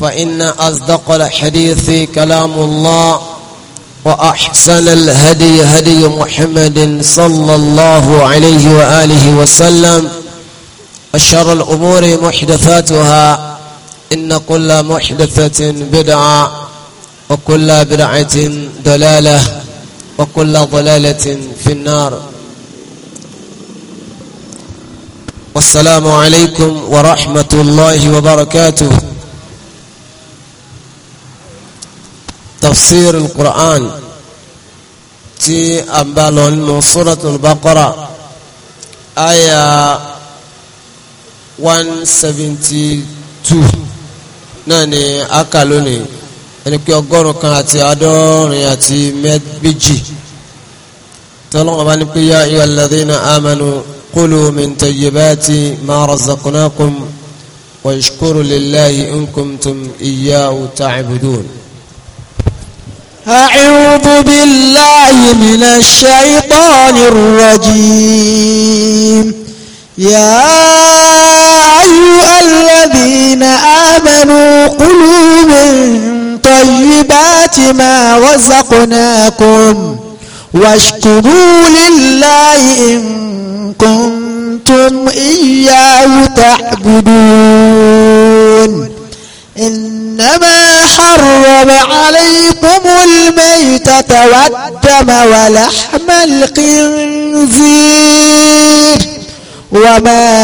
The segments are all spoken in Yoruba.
فإن أصدق الحديث كلام الله وأحسن الهدي هدي محمد صلى الله عليه وآله وسلم أشر الأمور محدثاتها إن كل محدثة بدعة وكل بدعة ضلالة وكل ضلالة في النار والسلام عليكم ورحمة الله وبركاته tafsir al-Qur'an tí a bá lọ nínú suratul Baqara aya one seventy two náà ni a kà lónìí ẹni pé ọgọ́rùn kan àti àádọ́rin àti méjì tọ́lọ́wọ́n bá ní pé yá ayyuha alladhina amanu kulu min tayyibati ma razaqnakum wa ishkuru lillahi in kuntum iyyahu ta'budun. أعوذ بالله من الشيطان الرجيم يا أيها الذين آمنوا قلوا من طيبات ما رزقناكم واشكروا لله إن كنتم إياه تعبدون إنما حرم عليكم الميتة والدم ولحم الخنزير وما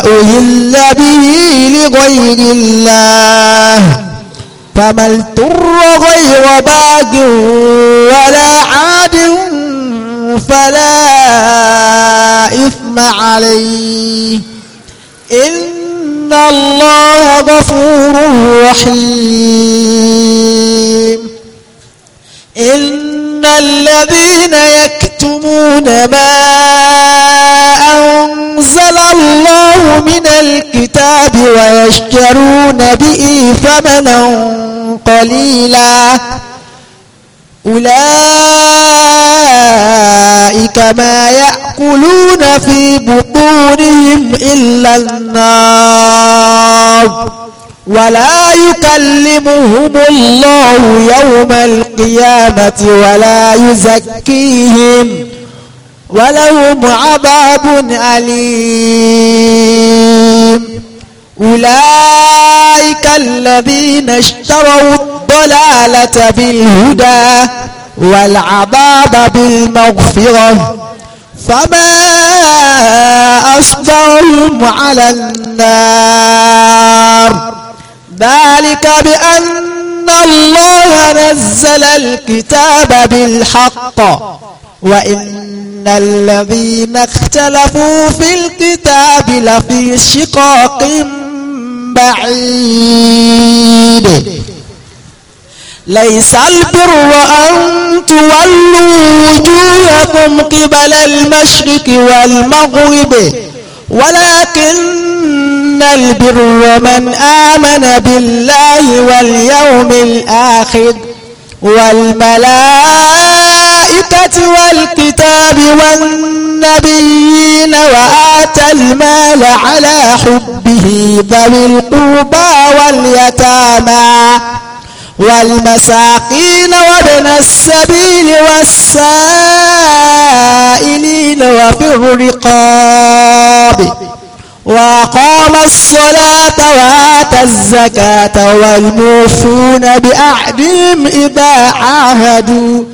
أهل به لغير الله فما اضطر غير باد ولا عاد فلا إثم عليه إن إن الله غفور رحيم إن الذين يكتمون ما أنزل الله من الكتاب ويشترون به ثمنا قليلا أولئك ما يأكلون في بطونهم إلا النار ولا يكلمهم الله يوم القيامة ولا يزكيهم ولهم عذاب أليم أولئك الذين اشتروا الضلالة بالهدى والعذاب بالمغفرة فما أصدرهم على النار ذلك بأن الله نزل الكتاب بالحق وإن الذين اختلفوا في الكتاب لفي شقاق بعيد ليس البر أن تولوا وجوهكم قبل المشرق والمغرب ولكن البر من آمن بالله واليوم الآخر والملائكة والكتاب والنبيين وآتى المال على حبه ذوي القربى واليتامى والمساقين وابن السبيل والسائلين وفي الرقاب وأقام الصلاة وآتى الزكاة والموفون بأعدهم إذا عاهدوا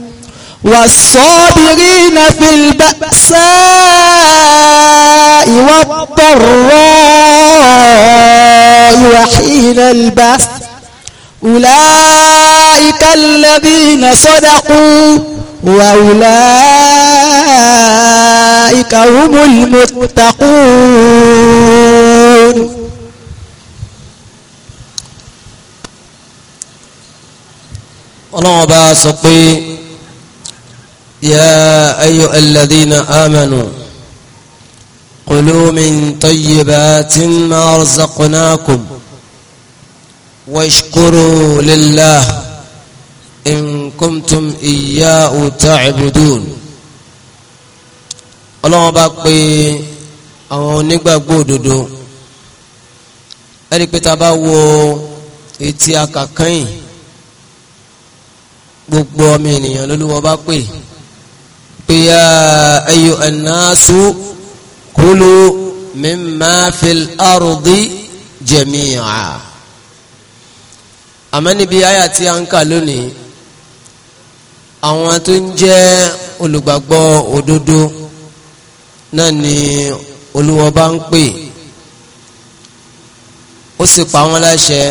والصابرين في البأساء والضراء وحين البأس أولئك الذين صدقوا وأولئك هم المتقون الله باسقي يا أيها الذين آمنوا قلوا من طيبات ما رزقناكم واشكروا لله إن كنتم إياه تعبدون ọlọ́wọ́n bá pe àwọn onígbàgbọ́ òdodo ẹni pé ta bá wo etí akàkẹ́yìn gbogbo ọmọ ènìyàn lÓlúwa bá pè pé yá ayò ẹ̀nàásù kúlù mímá fìl àrùdí jẹ̀míà àmọ́ níbi àyà tí a ń kà lónìí àwọn tó ń jẹ́ olùgbàgbọ́ òdodo náà ni Olúwa bá ń pè ó sì pa wọ́n láṣẹ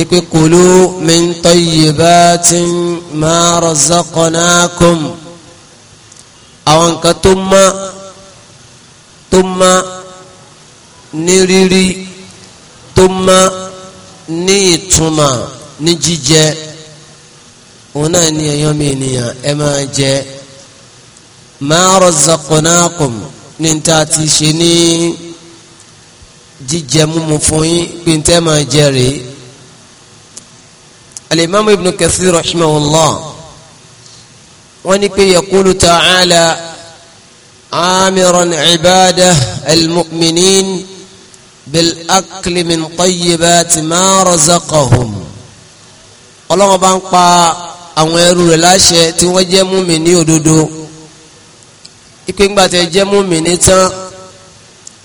ipe kulu min tayyibatin ma razaqnakum àwọn nǹkan tó mọ́ tó mọ́ ní rírí tó mọ́ ní ìtumọ̀ ní jíjẹ òun náà ní ẹ̀yọ́ mi ènìyàn ẹ máa jẹ ma razaqnakum ní ta ti ṣe ní jíjẹ múmu fún yín pé tẹ́ máa jẹ rèé al ibn kathir rahimahullah wọ́n ní pé yaqulu ta'ala amiran ibada al بالأكل من طيبات ما رزقهم. ọlọ́wọ́n bá أمير pa àwọn ẹrú rẹ̀ láṣẹ tí wọ́n jẹ́ mùmínì òdodo ipe ńgbà tẹ jẹ́ mùmínì tán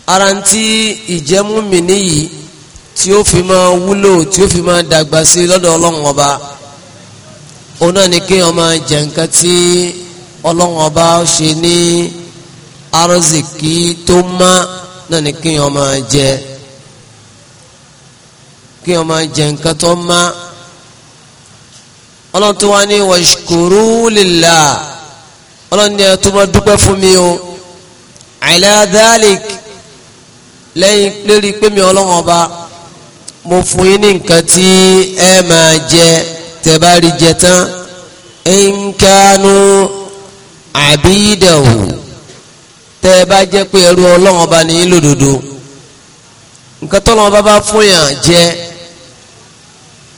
ara ń tí ìjẹ́ mùmínì yìí tí ó fi máa wúlò tí ó fi máa dàgbà sí lọ́dọ̀ ọlọ́run ọba òun náà ni kéèyàn máa jẹ nǹkan tí ọlọ́run ọba ṣe ní arọ́sìkì tó má náà ni kéèyàn máa jẹ kí wọ́n máa jẹ nǹkan tó má ọlọ́run tó wá ní wàṣkúrú lillah ọlọ́run ní ẹtú máa dúpẹ́ fún mi o ala dhalik lẹ́yìn lérí pé mi ọlọ́run ọba mo fún yín ní nǹkan tí ẹ máa jẹ tẹ́ bá rí jẹ tán in kanu abidahu tẹ́ ẹ bá jẹ́ pé ẹrú ọlọ́run ọba nìyí lódodo nǹkan tọ́lọ́run ọba bá fún yàn jẹ́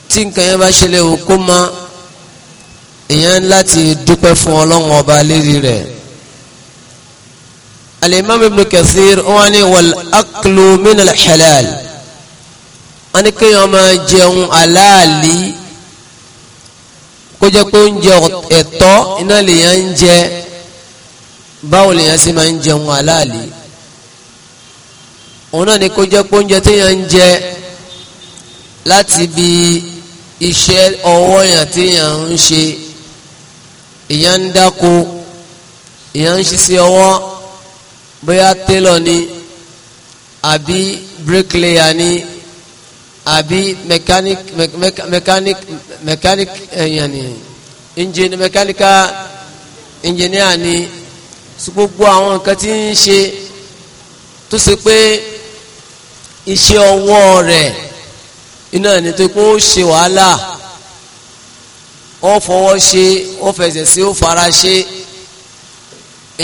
tí nǹkan yẹn bá ṣẹlẹ̀ o kó ma èèyàn láti dúpẹ́ fún ọlọ́run ọba lérí rẹ̀ alimami ibn kathir wọn ni wal aklu min al halal wọn ni kéèyàn máa jẹun aláàlí kó jẹ́ pé oúnjẹ ẹ̀tọ́ iná lèèyàn ń jẹ báwo lèèyàn sì máa ń jẹun aláàlí òun náà ni kó jẹ́ pé oúnjẹ téèyàn ń jẹ láti bíi iṣẹ́ ọwọ́ yàn tí yàn ń ṣe ìyàn ń dáko ìyàn ń ṣiṣẹ́ ọwọ́ bóyá télọ̀ ni àbí bíríkìlẹ̀yà ni àbí mechanic mechanic mechanic ẹ̀yàn ni engine mechanical engineer ni gbogbo àwọn nǹkan tí ń ṣe tó ṣe pé iṣẹ́ ọwọ́ rẹ̀ iná ẹni tó kó ṣe wàhálà ó fọwọ́ ṣe ó fẹsẹ̀ sí ó fara ṣe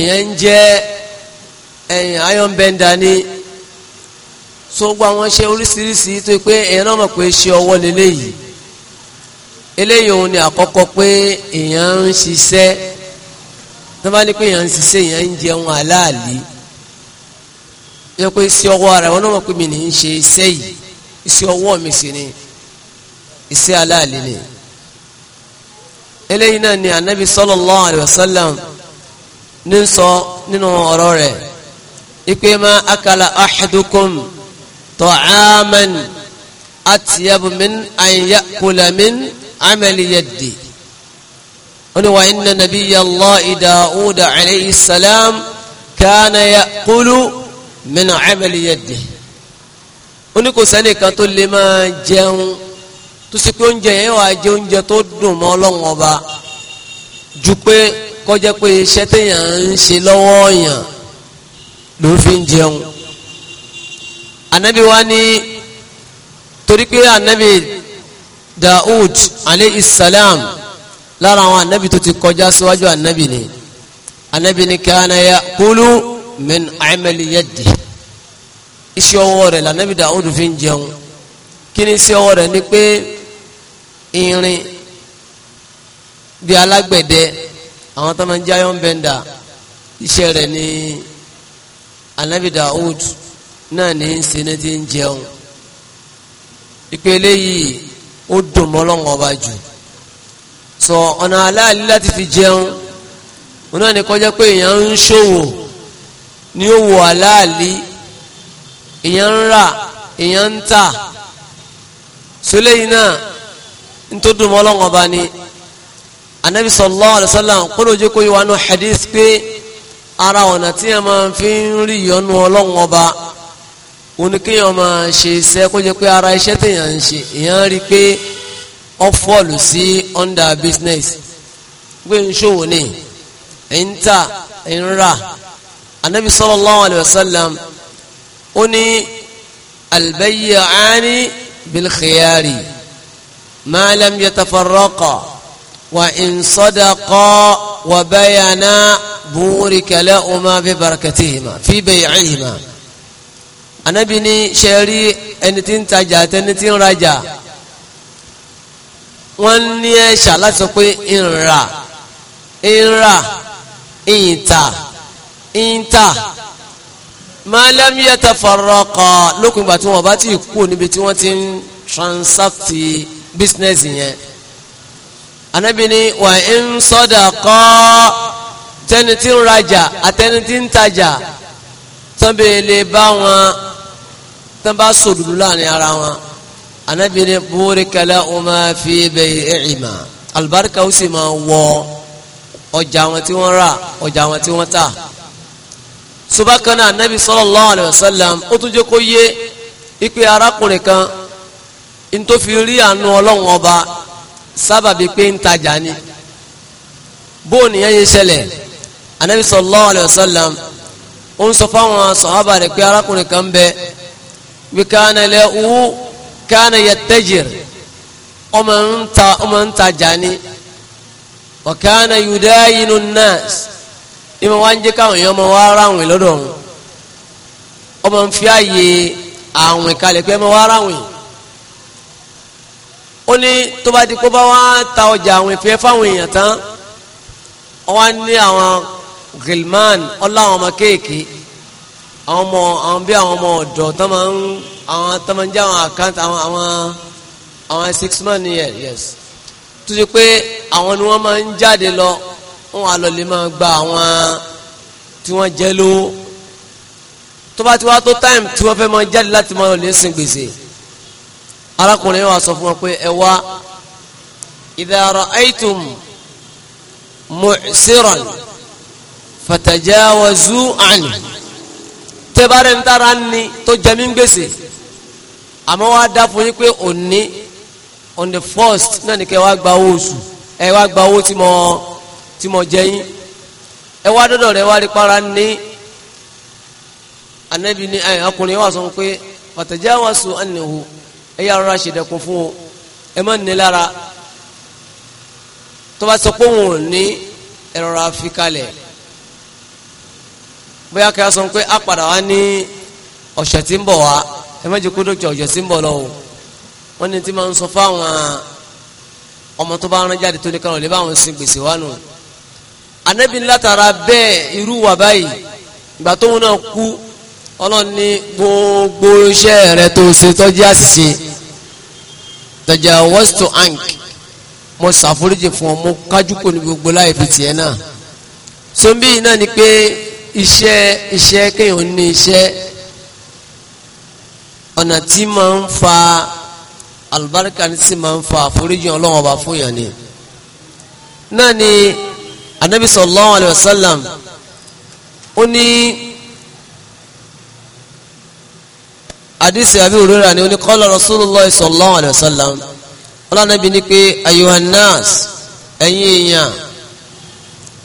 ìyẹn ń jẹ́ ẹ̀yìn iron bender ni tó gbọ́ àwọn iṣẹ́ oríṣiríṣi tó pé èèyàn náà mọ̀ pé ṣe ọwọ́ lélẹ́yìí eléyìí òun ni àkọ́kọ́ pé èèyàn ń ṣiṣẹ́ tó bá ní pé èèyàn ń ṣiṣẹ́ èèyàn ń jẹun aláàlí yẹ pé sí ọwọ́ ara wọn náà mọ̀ pé mi ní í ṣe iṣẹ́ yìí iṣẹ́ ọwọ́ mi sì ni iṣẹ́ aláàlẹ́ ni eléyìí náà ni anabi sallallahu alayhi wa sallam ní sọ nínú ọ̀rọ̀ rẹ̀ ipe ma akala ahadukum ta'aman atyabu min an ya'kula min amali yaddi wani wa inna nabiyya allahi da'uda alayhi salam kana ya'kulu min amali ó ní kò sẹ́nìkan tó lè máa jẹun tó sì pé oúnjẹ yẹn wàá jẹ oúnjẹ tó dùn mọ́ ọlọ́run ọba ju pé kọjá pé iṣẹ́ téèyàn ń ṣe lọ́wọ́ yàn ló fi ń jẹun anabi wa ni torí pé anabi Daud alayhi salam lára àwọn anabi tó ti kọjá síwájú anabi ni anabi ni kana yakulu min amali yadihi iṣẹ́ ọwọ́ rẹ̀ lànàbí Dáúdù fi ń jẹun kí ni iṣẹ́ ọwọ́ rẹ̀ ni pé irin bí alágbẹ̀dẹ àwọn tó máa ń jáyọ̀ ń bẹ́ńdà iṣẹ́ rẹ̀ ni ànàbí Dáúdù náà ní í ṣe ní ti ń jẹun ìpele yìí ó dùn mọ́ Ọlọ́run ọba jù sọ ọ̀nà aláàlí láti fi jẹun òun náà ni kọjá pé èèyàn ń ṣòwò ní òwò aláàlí èèyàn ń rà èèyàn ń tà sólé yìí náà ń tó dùn mọ́ anabi sallallahu alayhi wa sallam kúrò ojú kó yíwa nù pé ara ọ̀nà tí a máa fi ń rí ìyọnu ọlọ́wọ́n ọba òun ni kéèyàn máa ṣe iṣẹ́ kó jẹ́ pé ara iṣẹ́ téèyàn ń ṣe èèyàn rí i pé ọ fọ́ọ̀lù sí under business pé ń ṣòwò ni ń tà ń rà anabi sallallahu alayhi wa sallam ó ní albayyi'ani bilkhiyari ma lam yatafarraqa wa in sadaqa wa bayana burika lahuma bi barakatihima fi bay'ihima anabi ní sẹ́rí ẹni tí ń tajà àti ẹni tí ń rajà wọ́n ní ẹ̀ṣà láti sọ pé ìnra ìnra ìyìntà ìyìntà ma lam yatafarraqa lókun ìgbà tí wọn bá ti kú níbi tí wọn ti ń transact business yẹn anabi ni wà ń sadaqa tẹni tí ń rajà àtẹni tí ń tajà tọ́bẹ̀ lè bá wọn tán bá sòdùdù láàrin ara wọn anabi ni burika lahuma fi bay'ihima alibarika ó sì máa wọ ọjà wọn tí wọ́n rà ọjà wọn tí wọ́n tà subakana anabi sallallahu alayhi wa sallam ó tún jẹ́ kó yé ipe arákùnrin kan ntòfi rí àánú ọlọ́run ọba sábàbí pé ń tajà ni bóun nìyẹn yé ṣẹlẹ̀ anabi sallallahu alayhi wa sallam ó ń sọ fáwọn sọ̀hábà rẹ̀ pé arákùnrin kan bẹ wíkánà lẹ́ wú kánà yẹ tẹ́jìr ọmọ ń ni wọ́n kánà yudáyinu nas ìmọ̀ wá ń jẹ́ káwọn èèyàn ọmọ wa ráwìn lọ́dọ̀ ọ̀hún ọmọ ń fi ààyè àwìn kalẹ̀ pé ọmọ wa ráwìn ó ní tó bá di kó bá wá ta ọjà àwìn fẹ́ fáwọn èèyàn tán wọ́n ní àwọn gilman ọláwọn ọmọ kéèké àwọn ọmọ àwọn bí àwọn ọmọ ọ̀dọ́ tó máa ń àwọn tó máa ń jẹ́ àwọn àkáǹtì àwọn àwọn àwọn six man yes tó ṣe pé àwọn ni wọ́n máa ń jáde lọ wọn á lọ lè máa gba àwọn tí wọ́n jẹ́ lówó tó bá ti wá tó táìmù tí wọ́n fẹ́ máa jáde láti máa lè sin gbèsè arákùnrin wa sọ fún wọn pé ẹ wá idha ra'aytum mu'siran fatajawazu anhu tẹ́bárẹ́ ń tára ní tó jẹ́ mí gbèsè àmọ́ wá dá fún yín pé òní on the first náà ní kẹ́ wá gba owó oṣù ẹ wá gba owó tí mo tí mo jẹ yín ẹ wá dọ́dọ̀ rẹ̀ wá rí para ní anabi ní ẹ ọkùnrin wà sọ pé pàtàjẹ́ wà sùn ànìhù ẹ yà rọra ṣèdẹ̀kùn fún o ẹ má ní lára tó bá sọ pé òun ò ní ẹ rọra fi kalẹ̀ bóyá kí a sọ pé a padà wá ní ọ̀sẹ̀ tí ń bọ̀ wá ẹ má jẹ́ kó dókítà ọ̀sẹ̀ tí ń bọ̀ lọ o wọ́n ní tí máa ń sọ fáwọn ọmọ tó bá rán jáde tó ní kárọ̀ lè bá sin gbèsè wá anabi látara bẹ́ẹ̀ irú wà báyìí ìgbà tó wọn náà kú ọlọ́run ní gbogbo iṣẹ́ rẹ tó ṣe tọ́já sí tọ́já wọ́stò ank mo ṣàforíjì fún ọ mo kájú kò ní gbogbo láì fi tiẹ̀ náà sombi náà ni pé iṣẹ́ iṣẹ́ kéèyàn ní iṣẹ́ ọ̀nà tí máa ń fa àlùbáríkà ní sì máa ń fa àforíjì ọlọ́run ọba fún yàn ni náà ni anabi sallallahu alayhi wa sallam ó ní hadisi abi hurera ni ó ní qala rasulullah sallallahu alayhi wa sallam ọlọ́nàbí ni pé ayuhannas ẹ̀yin èèyàn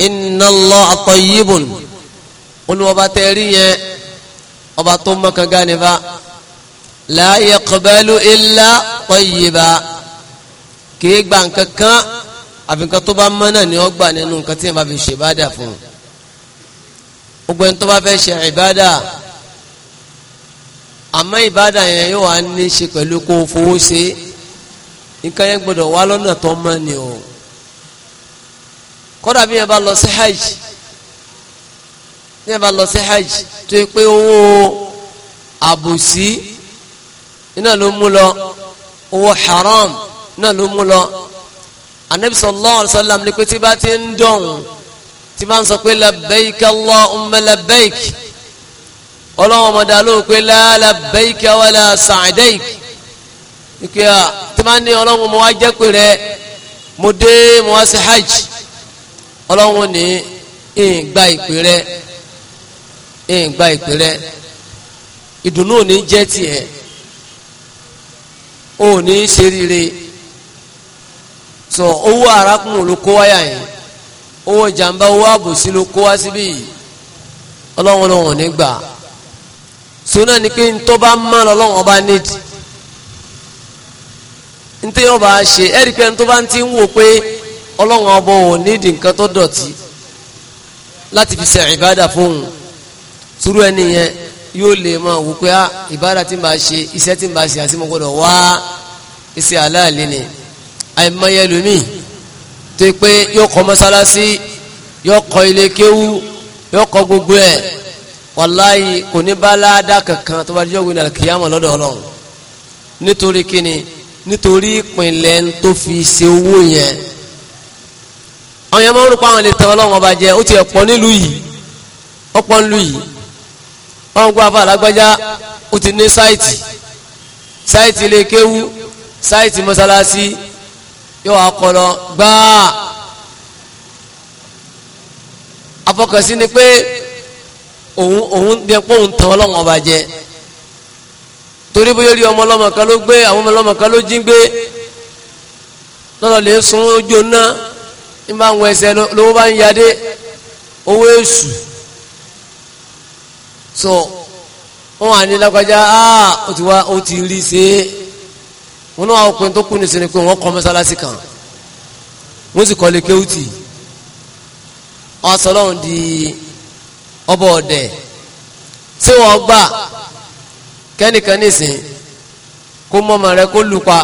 inna Allaha tayyibun ó ní ọba tẹ́rí yẹn ọba tó mọ́kànga nípa la yaqbalu illa tayyiba kì í gbà nǹkan kan àfi nǹkan tó bá mọ́ náà ni ó gbà nínú nǹkan tí yẹn bá fi ṣe ìbádà fún un gbogbo ẹni tó bá fẹ́ ṣe ìbádà àmọ́ ìbádà yẹn yóò wá ní ṣe pẹ̀lú kó o fowó ṣe nǹkan yẹn gbọ́dọ̀ wá lọ́nà tó mọ́ ni o kódà bí yẹn bá lọ sí hajj bí yẹn bá lọ sí hajj tó yẹ pé owó àbòsí iná ló mú lọ owó haram iná ló mú lọ anabi sallallahu alayhi wa sallam ni pé tí bá ti ń dọ̀hún tí bá ń sọ pé labbaik allahumma labbaik ọlọ́run ọmọdé alóhùn pé la labbaik wala sa'daik ìpè à tí bá ní ọlọ́run mo wá jẹ́ pé rẹ mo dé mo wá sí hajj ọlọ́run ní ìgbà ìpè rẹ ìgbà ìpè rẹ ìdùnnú ò ní jẹ́ tiẹ̀ ò ní ṣe rere so owó arákùnrin ló kó wáyà yẹn owó jàǹbá owó àbòsí ló kó wá síbí yìí ọlọ́run ọlọ́run ní gbà so náà ni pé ntọ́ bá mọ́ ọlọ́run ọba nídìí ntẹ́ yóò bá ṣe ẹ̀rí pé ntọ́ bá ti ń wò pé ọlọ́run ọba ò nídìí nǹkan tó dọ̀tí láti fi ṣe ìbádà fóun sùúrù ẹni yẹn yóò lè máa wò pé ah, ìbádà tí ń bá ṣe iṣẹ́ tí ń bá ṣe àti mo gbọ́dọ̀ wá iṣẹ́ aláàlẹ́ nìyẹn àìmọye lómi tó pé yóò kọ́ mọ́sálásí yóò kọ́ ilé kéwú yóò kọ́ gbogbo ẹ̀ wàláyé kò ní bá láàdá kankan tó bá jẹ́ òwe nàlẹ́ kìyàmọ̀ lọ́dọ̀ ọlọ́run nítorí kíni nítorí ìpìnlẹ̀ tó fi ṣe owó yẹn àwọn yẹn máa ń rò pé àwọn lè tẹ ọlọ́run ọba jẹ ó ti ẹ̀ pọ̀ nílùú yìí ó pọ̀ nílùú yìí wọ́n gbọ́ àfa àlágbájá ó ti ní sáìtì sáìtì ilé kéwú sáìtì mọ́sálásí yóò wá kọlọ gbáà afọkànsí ni pé òun òun bí ẹpọ òun tàn ọlọ́wọ́n ọba jẹ torí bóyá rí ọmọ ọlọ́mọ kan ló gbé àwọn ọmọ ọlọ́mọ kan ló jí gbé lọ́dọ̀ lè sun ojú ọ̀nà ní bá ń wọ ẹsẹ̀ lówó bá ń yadé owó èṣù so wọn wà ní lágbájá ah ó ti wá ó ti rí sí i wọn náà wọ́n pin tó kú nìsín ni pé wọ́n kọ́ mọ́sálásí kan wọ́n sì kọ́lé kéwùtì ọ̀sọ́lọ́hún di ọba ọ̀dẹ̀ tí wọ́n gbà kẹ́nìkan nìsín kó mọ́mọ́ rẹ kó lupa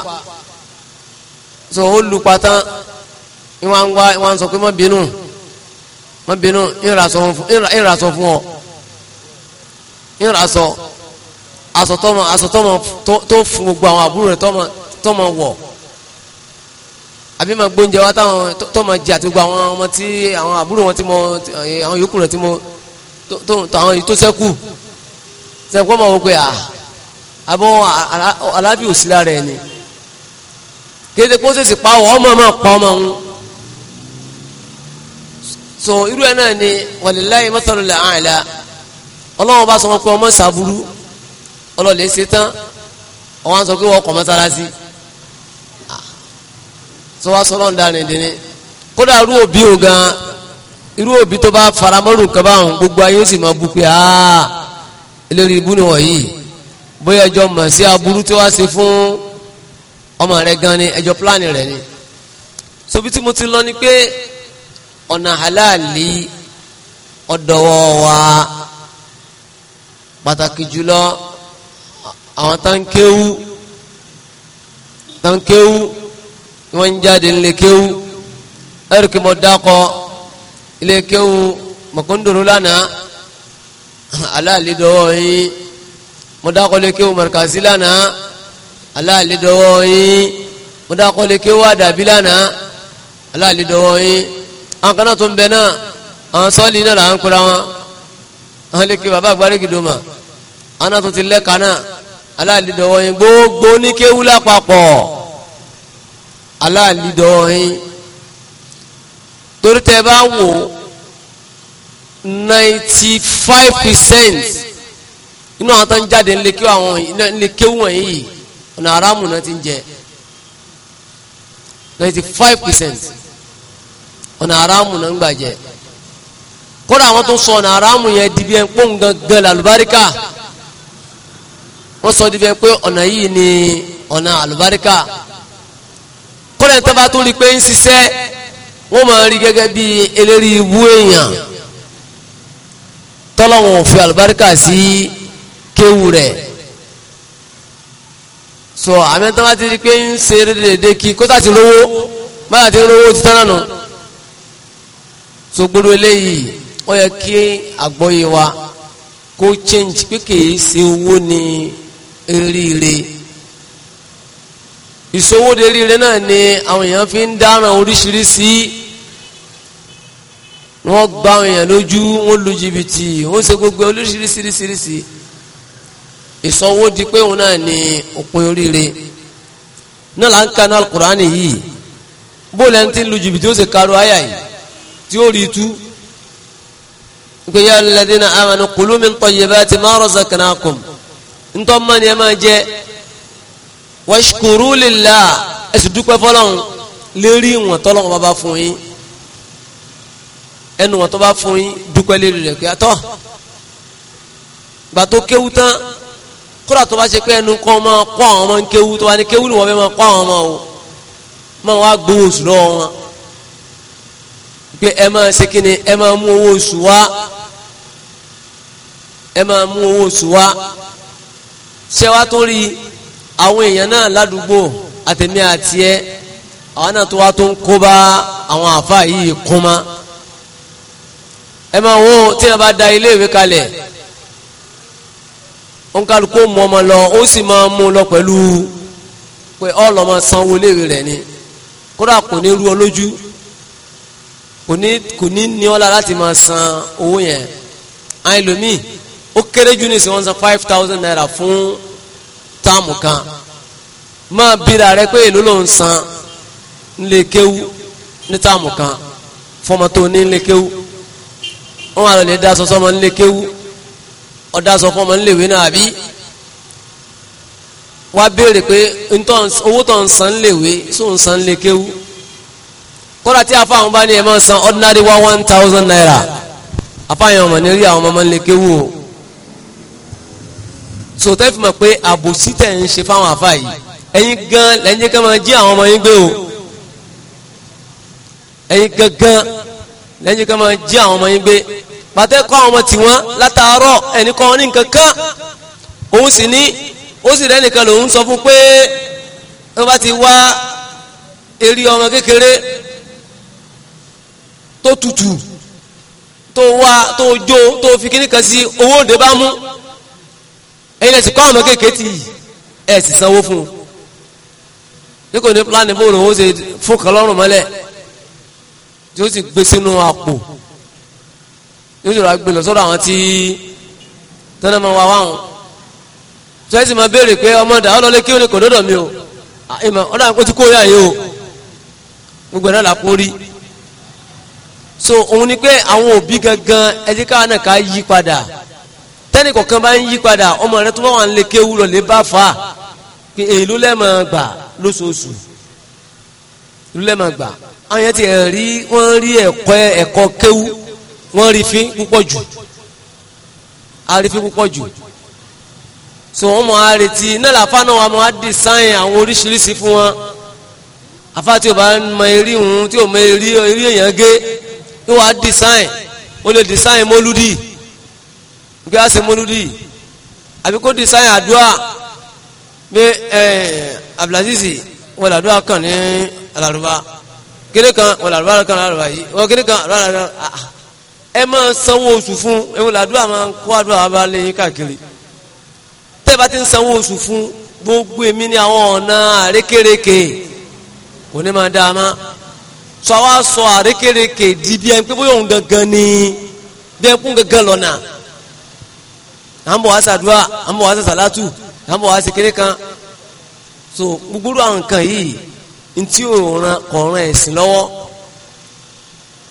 so ó lupa tán ìwọ̀n ń wá ìwọ̀n ń sọ pé mọ́ bínú mọ́ bínú ìrasọ fún ọ ìrasọ asọ̀tọ́mọ asọ̀tọ́mọ tó fún gbogbo àwọn àbúrò rẹ̀ tọ́mọ wọ̀ àbí máa gbóúnjẹ wá táwọn tọ́mọ jẹ àti gbogbo àwọn ọmọ tí àwọn àbúrò wọn tí mo àwọn yòókù rẹ̀ tí mo tàwọn yìí tó sẹ́kù sẹ́kù ọmọ wọ pé à ah, àbọ̀ alábì òsì lára ẹ̀ ni kéde kó sèsì pa ọ̀ ọmọ máa pa ọmọ òun so irú ẹ̀ náà ni wàlíláyé mọ́tàlólà àìlá ọlọ́run bá sọ wọn pé ọmọ ìsàbúrú ọlọ́lẹ̀ ṣe tán wọ́n sọ pé wọ́n kọ̀ mọ́sálásí tó wá sọ́nà dánidínní kódà irú òbí o gan irú òbí tó bá faramọ́rù nǹkan báwọn gbogbo ayé ó sì máa bú pé aa eléré ibú ni wọ̀nyí bóyá ẹjọ́ mọ̀ sí aburú tí wàá ṣe fún ọmọ rẹ gan ni ẹjọ́ pílánì rẹ ni sobi tí mo ti lọ ni pé ọ̀nà halali ọ̀dọ̀wọ̀ wa pàtàkì jùlọ àwọn tankéwu tankéwu wọ́n ń jáde ńlẹ̀ kéwu ẹ̀rù kí mo dákọ̀ ilé kéwu mọ̀kúndùrú lánàá aláàlídọ́wọ́ yín mo dákọ̀ ilé kéwu mọ̀rùkàsí lánàá aláàlídọ́wọ́ yín mo dákọ̀ ilé kéwu àdàbí lánàá aláàlídọ́wọ́ yín àwọn kan náà tó ń bẹ náà àwọn sọ́ọ̀lì náà là ń kura wọn àwọn ilé bàbá àgbárígidò mà àwọn náà tó ti lẹ́ka náà aláàlídọ̀wọ́ yín gbogbo oníkéwú lápapọ̀ aláàlídọ̀wọ́ yín torí tẹ́ bá wò ninety five percent inú àwọn tó ń jáde ńlẹ̀kéwú àwọn ńlẹ̀kéwú wọ̀nyí yìí ọ̀nà aráàmù náà ti ń jẹ ninety five percent ọ̀nà aráàmù náà ń gbà jẹ kódà àwọn tó sọ ọ̀nà aráàmù yẹn di bí ẹ̀ ń pọ́n gangan làlùbáríkà wọ́n sọ di bẹ́ẹ̀ pé ọ̀nà yìí ni ọ̀nà àlùbáríkà kọ́lẹ̀ tó bá tó rí pé ń ṣiṣẹ́ wọ́n máa rí gẹ́gẹ́ bí eléré ibú èèyàn tọ́lọ́wọ̀n fi àlùbáríkà sí kéwù rẹ̀ sọ àmì tó bá ti rí pé ń ṣe dédé kí kó tà ti lówó máa ti lówó ti tán nù so gbogbo eléyìí ó yẹ kí àgbọ́yé wa kó change pé kìí ṣe owó ni eríire ìsowóde eríire náà ni àwọn èèyàn fi ń dáràn oríṣiríṣi wọ́n gba àwọn èèyàn lójú wọ́n lu jìbìtì wọ́n ṣe gbogbo oríṣiríṣiríṣiríṣi ìsọwó di pé òun náà ni òpin oríire náà là ń ka náà Al-Qur'ani yìí bó lẹ́ni tí ń lu jìbìtì ó sì karo àyà yìí tí ó rí i tú pé ya alladhina amanu kulu min tayyibati ma razaqnakum ntọ́ mọ́ ni ẹ máa jẹ washkuru lillah ẹ sì dúpẹ́ fọlọ́run lérí ìwọ̀n tọ́lọ́run bá bá fún yín ẹnu wọn tó bá fún yín dúpẹ́ lérí rẹ̀ pé àtọ́ gbà tó kéwú tán kódà tó bá ṣe pé ẹnu kọ́ máa kọ́ àwọn ọmọ ń tó bá ní kéwú ni wọ́n fẹ́ máa kọ́ àwọn ọmọ o máa wá gbowó oṣù lọ́wọ́ wọn pé ẹ máa ṣe kí ni ẹ máa mú owó oṣù wá ẹ máa mú owó oṣù wá ṣe wá tó rí àwọn èèyàn náà ládùúgbò àtẹ̀mí àti ẹ àwọn náà tó wá tó ń kó bá àwọn àfa yìí kún mọ́ ẹ máa wo tí wọn bá da ilé ìwé kalẹ̀ ó ń kálukó mọ ọmọ lọ ó sì máa mú un lọ pẹ̀lú pé ọlọmọ sanwó ilé ìwé rẹ̀ ni kódà kò ní rú ọ lójú kò ní ní ọ lára láti máa san owó yẹn àìlòmíì ó kéré jù ní ìsìn five thousand naira fún táàmù kan máa bíra rẹ pé èló ló ń san nílé kéwú ní táàmù kan fọmọ tó ní nílé kéwú wọn àlọ lè dá aṣọ sọmọ nílé kéwú ọdá aṣọ fọmọ nílé ìwé náà àbí wá béèrè pé owó tó ń san nílé ìwé só ń san nílé kéwú kódà tí afáwọn bá ní ẹ máa san ordinary one one thousand naira afáwọn ọmọ ní rí àwọn ọmọ nílé kéwú o sòtẹ́ fi mọ̀ pé àbòsí tẹ̀ ń ṣe fáwọn àfa yìí ẹ̀yin gan lẹ́yìn kan máa jí àwọn ọmọ yín gbé o ẹ̀yin gangan lẹ́yìn kan máa jí àwọn ọmọ yín gbé pàtẹ́ kọ́ àwọn ọmọ tiwọn látàárọ̀ ẹni kọ́ wọn ní nǹkan kan òun sì ní ó sì rẹ́ nìkan lòun sọ fún pé tó bá ti wá eré ọmọ kékeré tó tutù tó wá tó jó tó fi kíní kan sí owó òde bá mú ẹ̀yin lẹ́sìn kọ́ ọ̀nà kéèké tí ẹ̀ sì sanwó fún un ní kò ní pílánì bó lòun ó ṣe fún kan lọ́rùn mọ́lẹ̀ tí ó sì gbé sínú àpò tí ó sì rà gbé lọ sọ́dọ̀ àwọn tí tọ́lá máa wá wáhùn tí wọ́n sì máa béèrè pé ọmọ dà ọ́ kí ó ní kò dọ́dọ̀ mi o ìmọ̀ ọ̀dà ó ti kó yá yìí o gbogbo ẹ̀rọ làkó rí so òun ni pé àwọn òbí gangan ẹ̀díkà náà ká yí padà tẹ́nì kọ̀ọ̀kan bá ń yí padà ọmọ rẹ tó bá wà ń lè kéwú lọ lè bá fa pé èló lẹ́mọ̀ gbà lóṣooṣù èló lẹ́mọ̀ gbà àwọn yẹn ti rí wọ́n rí ẹ̀kọ́ ẹ̀kọ́ kéwú wọ́n rí fín púpọ̀ jù arí fín púpọ̀ jù so wọn mọ àrètí náà làfa náà wà mọ àdì sáyìn àwọn oríṣiríṣi fún wọn afa tí o bá mọ eré òun tí o mọ eré èèyàn gé yóò wá dì sáyìn o lè dì sáyìn mọ́lúdì gbé àṣẹ múlùdì àbí kó design àdúrà pé abdulazizi wọn làdúrà kàn ní alàrúbá kéré kan wọn làdúrà kàn ní alàrúbá yìí wọn kéré kan alàrúbá kàn ẹ máa sanwó oṣù fún ẹwọn làdúrà máa kó àdúrà wa bá lé yín káàkiri tẹ́ẹ̀ bá ti ń sanwó oṣù fún gbogbo èmi ní àwọn ọ̀nà àrékèrèkè kò ní máa dáa má sọ wá sọ àrékèrèkè di bí ẹni pé bóyá òun gangan ni bí ẹni kún gangan lọ́nà à ń bọ̀ wá sàdúrà à wá sàsàlátù à wá sèkéré kan so gbogbo àwọn nǹkan yìí ntí òòràn kọ̀ọ̀ràn ẹ̀sìn lọ́wọ́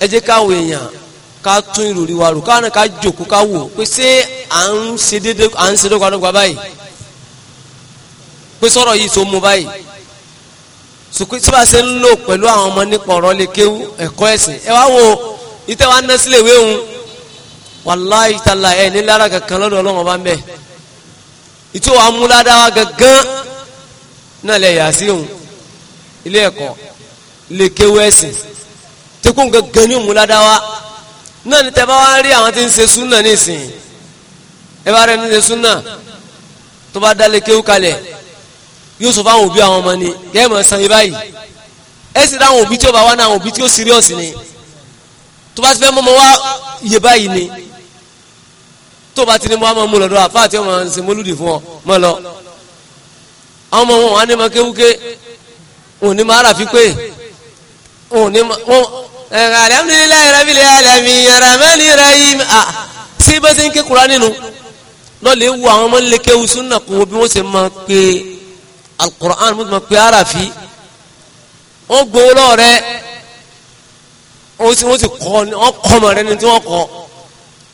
ẹ jẹ́ káwọ èèyàn ká tún ìròrí wa rò káwọn náà ká jòkó ká wò pé ṣé à ń ṣe déédéé à ń ṣe dọ́gba dọ́gba báyìí pé sọ̀rọ̀ yìí tó mu báyìí sùkú tí wàá ṣe ń lò pẹ̀lú àwọn ọmọ nípa ọ̀rọ̀ lè kéwú ẹ̀kọ́ ẹ̀sìn ẹ wá wo ìtẹ́wàá nẹ́sílẹ̀ wéhùn wàláyé tala ẹ ní lára kankan lọ́dọ̀ ọlọ́run ọba ń bẹ̀ ìtí wàá gangan náà lẹ̀ yà sí òun ilé ẹ̀kọ́ ilé kéwú ẹ̀sìn tẹkùn gangan ní òun wa náà ní tẹ́bá wá rí àwọn tí ń ṣe súnà nísìn ẹ bá rẹ ní ṣe súnà tó bá dá lé kéwú kalẹ̀ yóò sọ fáwọn òbí àwọn ọmọ ni kẹ́ẹ̀mọ̀ san yìí báyìí ẹ sì dáhùn òbí tí ó bá wá náà àwọn òbí tí ó síríọ̀sì ni tó bá ti fẹ́ mọ́mọ́ wá yìí báyìí ni tó bá ti ní bọ́ àmọ́ mú lọ́dọ̀ àfa àti ọmọ ṣe mólúdì fún ọ mọ́ lọ. àwọn ọmọ wọn wà ní ma kéwúké wọn ò ní ma ara fi pé wọn ò ní ma wọn ẹ̀ka alhamdulilayi rabili alami ramani rahim a ṣé bá ṣe ń ké kura nínú lọ́ọ̀lẹ́ wo àwọn ọmọ ńlẹ̀ kéwú súnà kó bí wọ́n ṣe máa pé alukur'an mo ma pé ara fi wọ́n gbowó lọ́ọ̀rẹ́ wọ́n sì kọ́ ọmọ rẹ ni tí wọ́n kọ́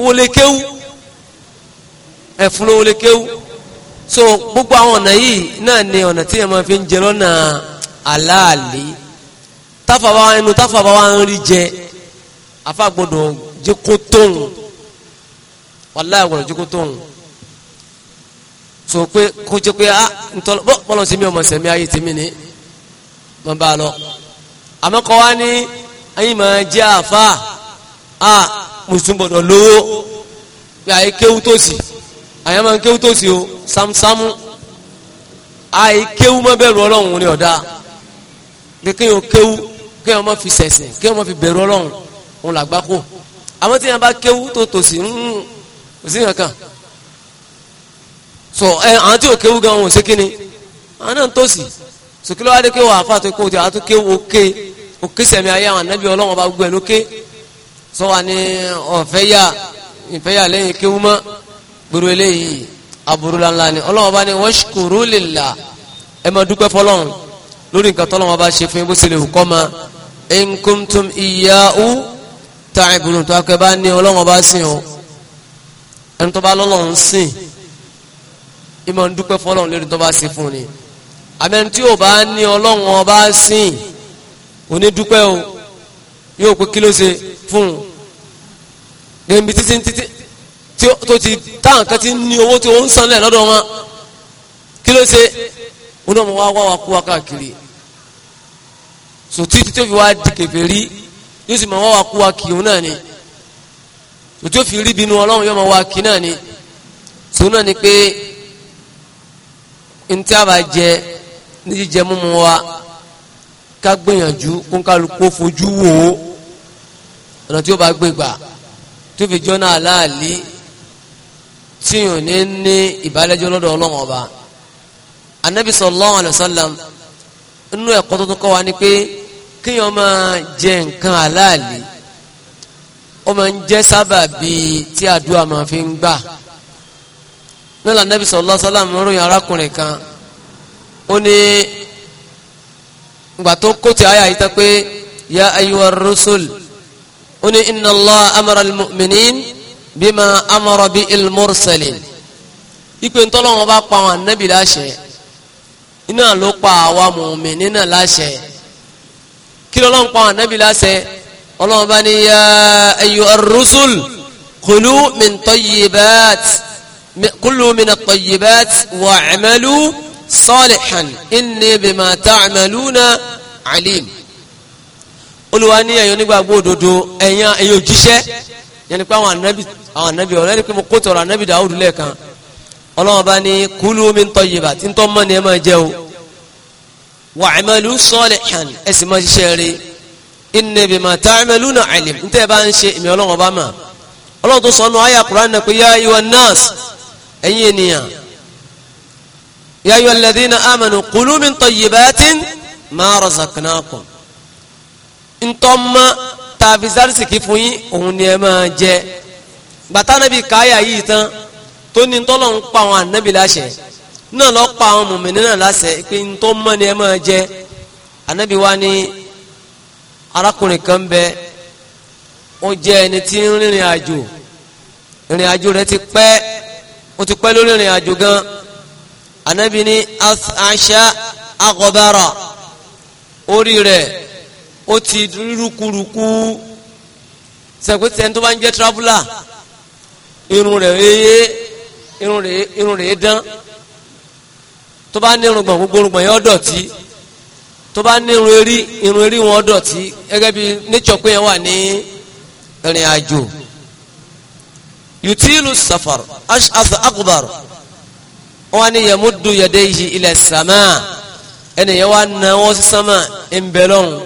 owó lè kéwú ẹ̀fún lówó so gbogbo àwọn ọ̀nà yìí náà ni ọ̀nà tí yẹn máa fi ń jẹ lọ́nà aláàlè táfàbá wa ẹnu táfàbá wa ń rí jẹ afágbọ́dọ̀ jókòó tóun wàláyà gbọ́dọ̀ jókòó tóun so pé kó jẹ́ pé ah ntọ́lọ́ bọ́ bọ́lọ̀ sí mi ọmọ sẹ́mi ayé tèmi ni mo bá a lọ àmọ́ kọ́ wa ní ẹ̀yin máa jẹ́ àfa ah mùsùlùmí gbọ́dọ̀ lówó pé àyè kéwú tó sì àyè máa ń kéwú tó sì o sámúsámú àyè kéwú má bẹ̀rù ọlọ́run ní ọ̀dá pé kéwú kéwú kéwú má fi sẹ̀sẹ̀ kéwú má fi bẹ̀rù ọlọ́run òun làgbá kó àmọ́ tí yẹn bá kéwú tó tòsí ń kò sí yẹn kan so ẹ àwọn tí ò kéwú gan òun ò sí kíni àwọn náà ń tòsí sòkè lọ́wọ́ adé kéwú àfa tó kó o kéwú òkè òkè sẹ̀mí ayé àwọn anábì ọlọ́run ọba gbogbo lókè sọ wa ní ọ̀fẹ́ yà ìfẹ́ yà lẹ́yìn kí wọ́n mọ́ gbèrú eléyìí aburúlanla ni ọlọ́wọ́n bá ní washkuru lillah ẹ máa dúpẹ́ fọlọ́run lórí nǹkan tọ́lọ́wọ́n bá ṣe fún yín bó ṣe lè kọ́ ma in kuntum iyyahu ta'budun tó akẹ́ bá ní ọlọ́wọ́n bá sìn ọ́ ẹni tó bá lọ́lọ́run sìn ẹ máa dúpẹ́ fọlọ́run lórí tó bá ṣe fún ni àmẹ́ni tí ò bá ní ọlọ́wọ́n bá sìn onídúpẹ́ o yóò pé kí ló ṣe fún un gbẹ̀mí títí títí tó ti táwọn kan ti ní owó tí ó ń sanlẹ̀ lọ́dọ̀ wọn kí ló ṣe wọn náà mo wá wá wa kú wa káàkiri so títí tó fi wá di kèfèrí yóò sì máa wá wa kú wa kì í náà ni so tí ó fi rí bínú ọlọ́run yóò máa wá kì náà ni so náà ni pé ntí a bá jẹ ní jíjẹ mímu wa ká gbìyànjú kó ń kálukó fojú wò ó ọ̀nà tí ó bá gbé gbà tó fi jọ́nà aláàlí tí yóò ní ní ìbálẹ́jọ́ lọ́dọ̀ ọlọ́run ọba anabi sallallahu alayhi wa sallam inú ẹ̀kọ́ tó tún kọ́ wa ni pé kéèyàn máa jẹ nǹkan aláàlí ó máa ń jẹ́ sábàbí tí àdúrà máa fi ń gbà nílà anabi sallallahu alayhi ròyìn arákùnrin kan ó ní ìgbà tó àyà yìí tán pé ya ayyuha ar-rusul ó ní inna Allah amara al-mu'minin bima amara bi al-mursalin ipe ntọ́lọ́wọ́n bá pa àwọn anábì láṣẹ iná ló pa àwa mùmíní náà láṣẹ kí lọ́lọ́wọ́n pa àwọn anábì láṣẹ ọlọ́wọ́n bá ní ya ayyuha ar-rusul kulu min tayyibat kulu min at-tayyibat wa'malu salihan inni bima ta'maluna alim olùwà ní ẹ̀yin onígbàgbọ́ òdodo ẹ̀yin ẹ̀yin òjíṣẹ́ yẹnni pé àwọn anabi àwọn anabi ọ̀rẹ́ ni pé mo kó tọrọ anabi dàwùdù lẹ́ẹ̀kan ọlọ́wọ́n bá ní kúlú min tayyibat tí ń tọ́ mọ́ ni ẹ máa jẹ́ o wa amalu salihan ẹ sì máa ṣiṣẹ́ rí inni bima ta'maluna alim ní tẹ́ ẹ bá ń ṣe ìmì ọlọ́wọ́n bá mà ọlọ́wọ́n tó sọnù àyà ntọ́mọ́ tàbí sárísìkì fún yín òun ni ẹ máa jẹ bàtà nàbì káyà yìí tán tó ní ntọ́lọ̀ ń pa àwọn ànábì láṣẹ náà lọ́ pa àwọn mùmìnì náà láṣẹ pé ntọ́mọ́ ni ẹ máa jẹ ànábì wa ni arákùnrin kan bẹ ó jẹ ẹni tí ń rìnrìn àjò ìrìn àjò rẹ ti pẹ́ ó ti pẹ́ lórí ìrìn àjò gan ànábì ni àṣà àgọ́bára orí rẹ̀ ó ti rúkúrúkú sẹ̀kúsẹ̀ tó bá ń jẹ́ tíráfúlà irun rẹ̀ eye irun rẹ̀ irun rẹ̀ dán tó bá ní irùngbọ̀n gbogbo irùngbọ̀n yẹn ọ̀dọ̀tí tó bá ní irun erí irun erí wọn ọ̀dọ̀tí gẹ́gẹ́ bí nature pé yẹn wà ní ìrìn àjò yutilu safar ashaz akbar wọn ni yamudu yadayhi ila sama ẹnìyẹn wà náwó sísánmà ń bẹ lọ́hùn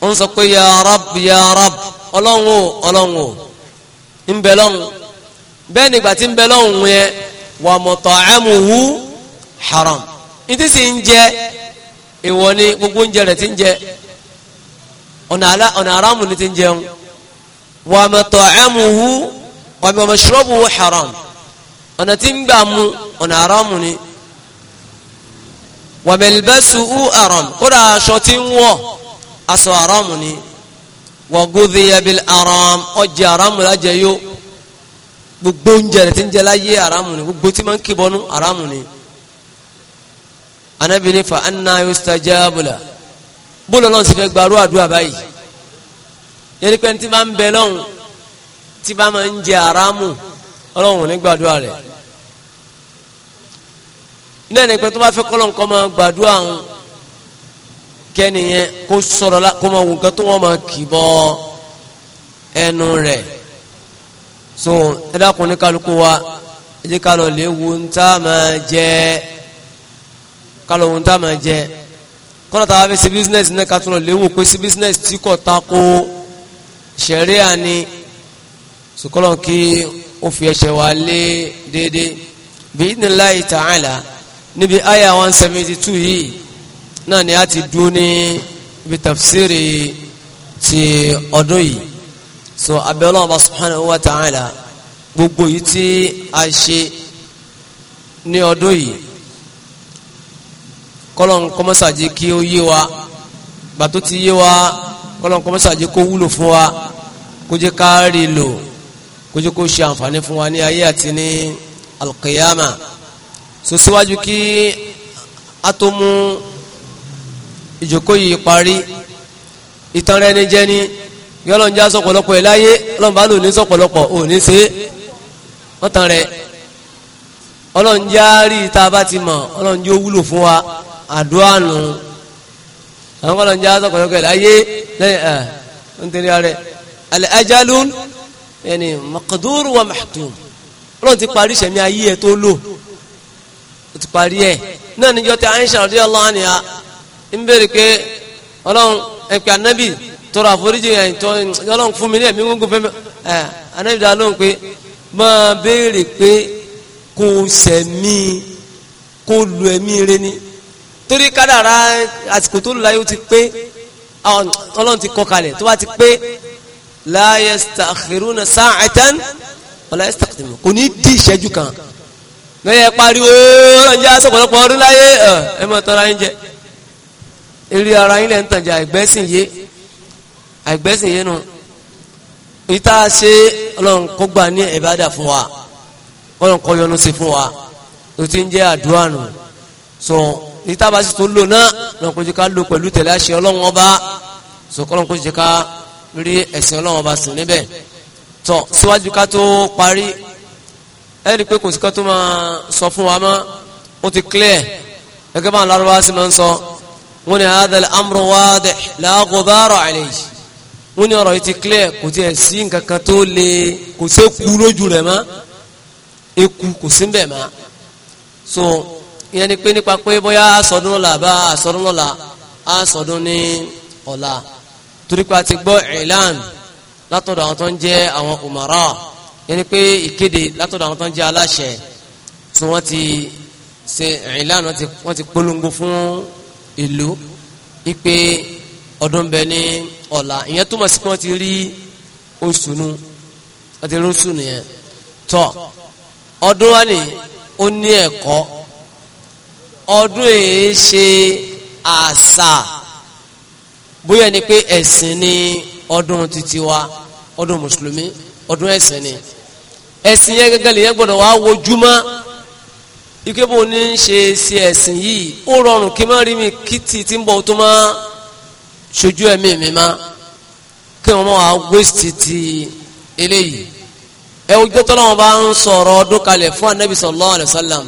ó ń sọ pé ya rab ya rab ọlọ́run o ọlọ́run o ń bẹ lọ́hùn bẹ́ẹ̀ nígbà tí ń bẹ lọ́hùn yẹn wà mat'amuhu haram ní sì ń jẹ ìwọ ni gbogbo oúnjẹ rẹ̀ ti ń jẹ ọ̀nà aráàmù ni ti ń jẹun wà mat'amuhu wà mashrabuhu haram ọ̀nà tí ń gbà mu ọ̀nà aráàmù ni wà malbasuhu haram kódà aṣọ tí ń wọ̀ aṣọ àrọ́mù ni wọ́gúdí ẹbíl àrọ́m ọjà àrọ́mù lájẹ yó gbogbo oúnjẹ rẹ̀ ti ń jẹ láyé àrọ́mù ni gbogbo tí máa ń kébọnú àrọ́mù ni anabi ní fa anna yustajabu la bóòlù náà sì fẹ́ gbarú àdúrà báyìí yẹni pé ní tí bá ń bẹ lọ́hùn tí bá máa ń jẹ àràmù ọlọ́hùn ní gbàdúrà rẹ̀ iná ní pé tó bá fẹ́ kọ́lọ́ nǹkan máa gbàdúrà ọ̀hún kẹ́niyẹn kó sọ̀rọ̀ la kó máa wù nǹkan tó wọ́n máa kì bọ́ ẹnu rẹ̀ so ẹ dákun ní kálukú wa ẹ jẹ́ ká lọ lè wo ń tá máa jẹ ká lọ wo ń tá máa jẹ kọ́nà tá a fẹ́ ṣe bísínẹ́sì náà ká lọ lè wò pé ṣe bísínẹ́sì tí kò ta ko ṣẹ̀ríà ni sùkọ́lọ̀ kí ó fi ẹsẹ̀ wa lé déédéé bí idhnillahi ta'ala níbi àyà one seventy two yìí náà ni a ti dún ní ibi tafsiri ti ọdún yìí so abẹ́ọ́lá ọba subhanahu wa ta'ala gbogbo yìí tí a ṣe ní ọdún yìí kọ́lọ́n kọ́mọ́sàjì kí ó yé wa gbàtó ti yé wa kọ́lọ́n kọ́mọ́sàjì kó wúlò fún wa kó jẹ́ ká rí lò kó jẹ́ kó ṣe àǹfààní fún wa ní ayé àti ní alqiyama so síwájú kí a tó mú ìjòkó yìí parí ìtàn rẹ ní jẹ́ ní yọ́lọ́n já sọ̀pọ̀lọpọ̀ ẹ̀ láyé ọlọ́run bá lò ní sọ̀pọ̀lọpọ̀ ò ní ṣe wọ́n tàn rẹ̀ ọlọ́run já rí ìta bá ti mọ̀ ọlọ́run wúlò fún wa àdúrà nù àwọn ọlọ́run já sọ̀pọ̀lọpọ̀ ẹ̀ láyé lẹ́yìn ẹ̀ ń tẹ̀lé rẹ̀ alẹ́ ajalun ẹni makadúrú wa mahtum ọlọ́run ti parí ìṣẹ̀mí ayé ẹ̀ tó lò ó ti parí ẹ̀ náà níjọ́ tí Aisha radiyallahu anha ń bèrè pé ọlọ́run ẹ̀pẹ́ anábì tọrọ àforíjì ẹ̀yìn tọ́ ọlọ́run fún mi ní ẹ̀mí gbogbo fẹ́mi ẹ̀ anábì dá lóhùn pé máa béèrè pé kò sẹ̀mí kò lu ẹ̀mí rẹ ni torí kádàrá àsìkò tó la láyé ó ti pé ọlọ́run ti kọ kalẹ̀ tó bá ti pé la yastakhiruna sa'atan wala yastaqdimu kò ní di ìṣẹ́jú kan lẹ́yìn ẹ pariwo ọlọ́run jẹ́ àṣọ ọ̀pọ̀lọpọ̀ ọdún láyé ẹ̀ ẹ̀ mọ̀ tọ́ra ẹ̀ ń eré ara yín lẹ́ ń tànjà àìgbẹ́sìn yé àìgbẹ́sìn yé nù ìta ṣe ọlọ́run kó gbà ní ìbádà fún wa ọlọ́run kó yọ́nú sí fún wa tó ti ń jẹ́ àdúrà nù sọ ìta bá sì tó lò náà lọ́n kó jẹ́ ká lò pẹ̀lú tẹ̀lé àṣẹ ọlọ́run ọba sọ kọ́ kó jẹ́ ká rí ẹ̀sìn ọlọ́run ọba sùn níbẹ̀ tọ́ síwájú ká tó parí ẹni pé kò sí ká tó máa sọ fún wa mọ́ ó ti clear gẹ́gẹ́ bá lárúbá sí máa ń sọ wọ́n ní hadha al-amru wadih la ghubara alayhi wọ́n ní ọ̀rọ̀ yìí ti clear kò tiẹ̀ sí nǹkan kan tó le kò sí eku lójú rẹ̀ mọ́ eku kò sí mbẹ̀ mọ́ so ìyẹn ni pé nípa pé bóyá asọdún ọ̀la bá asọdún ọ̀la asọdún ní ọ̀la torí pé a ti gbọ́ ìlàn látọ̀dọ̀ àwọn tó ń jẹ́ àwọn umara ìyẹn ni pé ìkéde látọ̀dọ̀ àwọn tó ń jẹ́ aláṣẹ tí wọ́n ti ṣe ìlàn wọ́n ti polongo fún ìlú ipe ọdún bẹ ní ọ̀la ìyẹn túmọ̀ sí pé wọ́n ti rí oṣù nu wọ́n ti rí oṣù nìyẹn tọ́ ọdún wa ni ó ní ẹ̀kọ́ ọdún èé ṣe àṣà bóyá ni pé ẹ̀sìn ni ọdún títí wa ọdún mùsùlùmí ọdún ẹ̀sìn ni ẹ̀sìn yẹn gẹ́gẹ́ lè yẹn gbọ́dọ̀ wá wojúmọ́ ike bó ní ń ṣe ṣe ẹ̀sìn yìí ó rọrùn kí n má rí mi kìtì tí ń bọ̀ tó má ṣojú ẹ̀mí mi má kí wọ́n máa wéṣítì ti eléyìí ẹ ojú tó lọ́wọ́ bá ń sọ̀rọ̀ ọdún kalẹ̀ fún anabi sallallahu alayhi wa sallam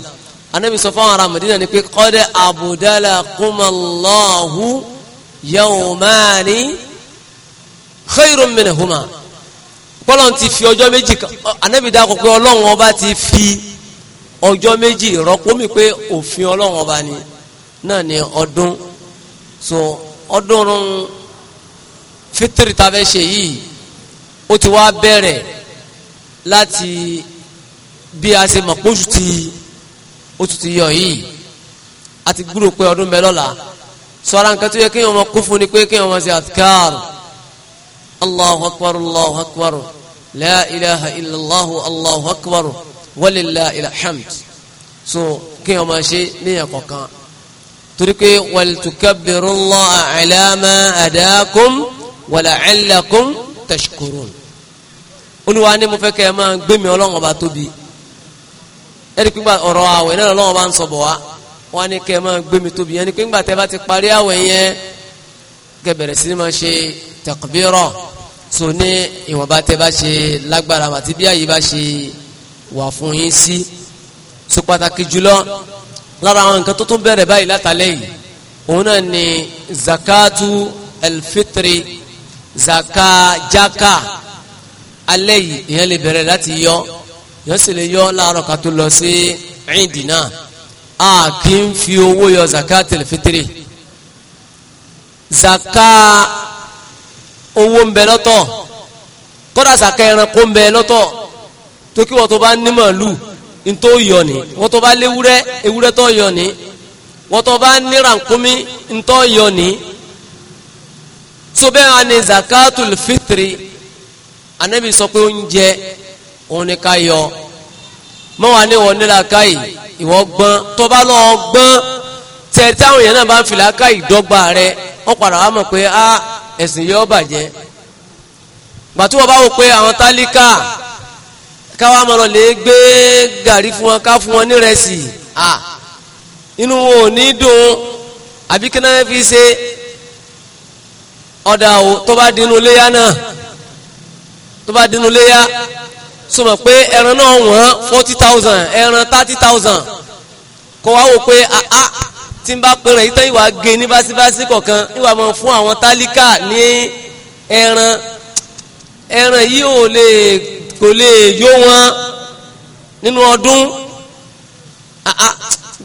anabi sọ fún ni pé kọ́dẹ̀ abudala kumallahu yawmani khayrun minahuma kọ́lọ́n ti fi ọjọ́ méjì kan anabi dákọ̀ pé ọlọ́run ọba ti fi ọjọ́ méjì ìrọ́pò mi pé òfin ọlọ́run ọba ni náà ni ọdún so ọdún fitiri ta fẹ́ ṣe yìí ó ti wá bẹ̀rẹ̀ láti bí a ṣe mọ̀ pósù ti ó tún ti yọ yìí a ti gbúrò pé ọdún bẹ́ẹ̀ lọ́la sọ́ra nǹkan tó yẹ kéèyàn máa kún fún ni pé kéèyàn máa ṣe àtikáàrù allahu akbar allahu akbar la ilaha illallahu allahu akbar walillahi alhamd so kí ọmọ ṣe níyàn kọ̀ọ̀kan torí pé waltukabbirullaha ala ma hadakum wala'allakum tashkurun olúwa ni mo fẹ́ kẹ́ ẹ máa gbé mi ọlọ́run ọba tóbi ẹni pé ọ̀rọ̀ àwẹ̀ náà ọlọ́run ọba ń sọ bọ̀ wá wọn ni kẹ́ ẹ máa gbé tóbi ẹni pé ńgbà tẹ́ bá ti parí àwẹ̀ yẹn kẹ́ sí ni máa ṣe takbira so ní ìwọ̀nba tẹ́ bá ṣe lágbára àti bí àyè bá ṣe wà fún yín sí sí pàtàkì jùlọ lára àwọn nǹkan tó tún bẹ̀rẹ̀ báyìí látàlẹ́ yìí òun náà ni zakatu elfitri zaka jaka alẹ́ yìí ìyẹn lè bẹ̀rẹ̀ láti yọ yọ sì lè yọ láàárọ̀ ká tó lọ sí ẹ̀ǹdì náà a kì í fi owó yọ zakatu alfitri zaka owó ń bẹ lọ́tọ̀ kódà zaka ẹranko ń bẹ lọ́tọ̀. so kí wọ́n tó bá ní màálù ní tó yọ ni wọ́n tó bá léwúrẹ́ ewúrẹ́ tó yọ ni wọ́n tó bá ní rànkúmí ní tó yọ ni so bẹ́ẹ̀ wá ní zakatul fitri anabi sọ pé oúnjẹ òun ni ká yọ mọ́ wa ní wọ́n ní làákàyè ìwọ gbọ́n tó bá lọ́ọ́ gbọ́n tẹ̀ táwọn èèyàn náà bá ń fi làákàyè dọ́gba wọ́n padà wá mọ̀ pé a ah, ẹ̀sìn yọ bàjẹ́ gbàtí bá wò pé àwọn tálíkà káwa máa lọ lè gbé gàrí fún wọn ká fún wọn nírẹsì à inú wọn ò ní dùn àbí kí náà fi ṣe ọ̀dà ò tó bá dínú léyà náà tó bá dínú léyà sọ pé ẹran náà wọ́n forty thousand ẹran thirty thousand kò wá wò pé àá ah, ah, tí n bá pèrè yìí tán ìwà gé ní báṣibáṣi kọ̀ọ̀kan ìwà máa fún àwọn tálíkà ní ẹran ẹran yìí ò lè kò lè yó wọn nínú ọdún ah, ah,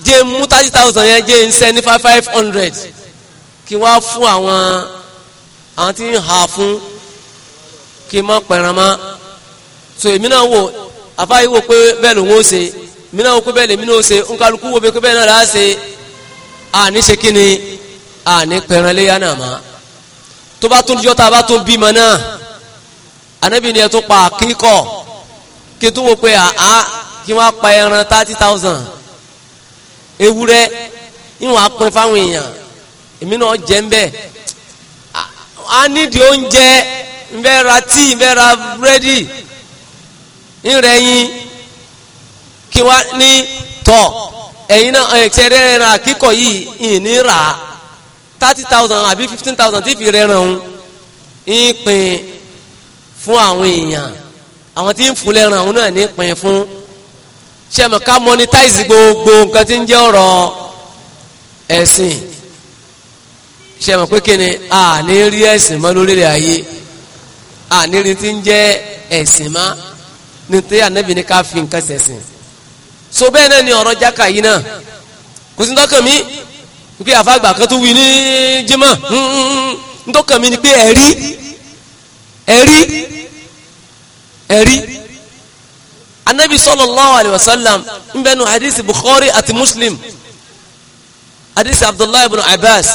jẹ́ mú thirty thousand yẹn jẹ́ nsẹ́ ní five five hundred kí wá fún àwọn àwọn tí ń hà fún kí n má pẹ̀ràn má so èmi náà wò àfáyé wò pé bẹ́ẹ̀ lòun ó ṣe èmi náà wò pé bẹ́ẹ̀ lèmi náà ó ṣe nkálukú wò pé bẹ́ẹ̀ náà là ṣe àní ṣe kí ni àní pẹ̀ràn léyà náà má tó bá tún jọ́ta bá tún bímọ náà anabi ni ẹ pa kíkọ kí tún wò pé àá kí wọ́n pa ẹran thirty thousand ewúrẹ́ ìwọ̀n apin fáwọn èèyàn èmi náà jẹ́ ń bẹ́ a nídìí oúnjẹ ń bẹ́ ra tíì ń bẹ́ ra búrẹ́dì ń rẹ̀ yín kí wọ́n ní tọ̀ ẹ̀yin náà ẹ̀ṣẹ̀ rẹ̀ rẹ̀ rà yìí ìní rà á thirty thousand àbí fifteen thousand tí fi rẹran òun ń pin fún àwọn èèyàn àwọn tí ń fún lẹ́ran àwọn náà ní fún sẹ́mi ká monetize gbogbo nǹkan tí ń jẹ́ ọ̀rọ̀ ẹ̀sìn sẹ́mi pé kíni a ní rí ẹ̀sìn mọ́ lórílẹ̀ ayé a ní rí tí ń jẹ́ ẹ̀sìn mọ́ ní tí ànábì ní ká fi nǹkan ṣẹ̀sìn so bẹ́ẹ̀ náà ni ọ̀rọ̀ jákà yìí náà kò sí dọ́kàn mi pé àfàgbà kan tó wí ní jimá ntọ́kàn hmm, hmm, hmm, mi ni pé ẹ̀rí ẹ̀rí ẹ̀rí anabi sallallahu alayhi wa sallam ń bẹnu hadith bukhari àti muslim hadith abdullahi ibn abbas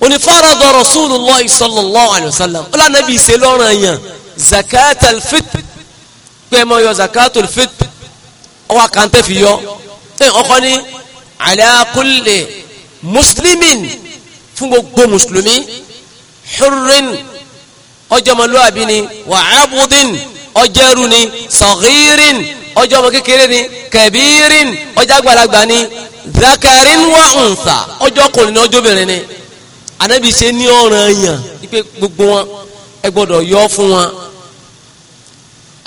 onífàràdọ̀ rasulullah sallallahu alayhi wa sallam ó lànàbí ṣe lọ́rùn yẹn zakat alfitr pẹ̀mọ́ yọ zakat alfitr ọwọ́ àkàntẹ́ fi yọ ẹ ọkọ ní ala kulli muslimin fún gbogbo mùsùlùmí hurrin ọjọ́ ọmọlúwàbí ni wà ábúdín ọjọ́ ẹrú ni sọ̀hírin ọjọ́ ọmọ kékeré ni kẹbírin ọjọ́ àgbàlagbà ni zakarin wa unsa ọjọ́ ọkùnrin ni ọjọ́ obìnrin ni anabi ṣe ní ọ̀ràn èèyàn wípé gbogbo wọn ẹ gbọ́dọ̀ yọ fún wọn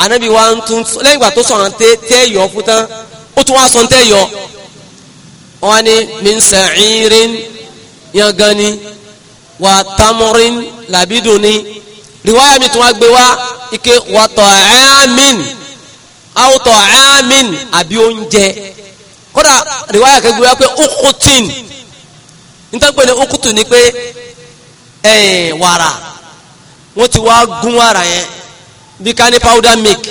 anabi wa ń tún lẹ́yìn ìgbà tó sọ̀rọ̀ tẹ́ yọ fún tán ó tún wá sọ tẹ́ yọ wọn ni min yangan ni wa tamurin labidun ni riwaya mi tún wá gbé wá ike wàtọ̀ ẹ́ẹ́mìn àwòtọ̀ ẹ́ẹ́mìn àbí oúnjẹ kódà riwaya kẹgbẹ́ wá pé okutin nítorí pé ní okutu ni pé ẹ̀ẹ́n wàrà wọ́n ti wá gún wàrà yẹn bí ká powder milk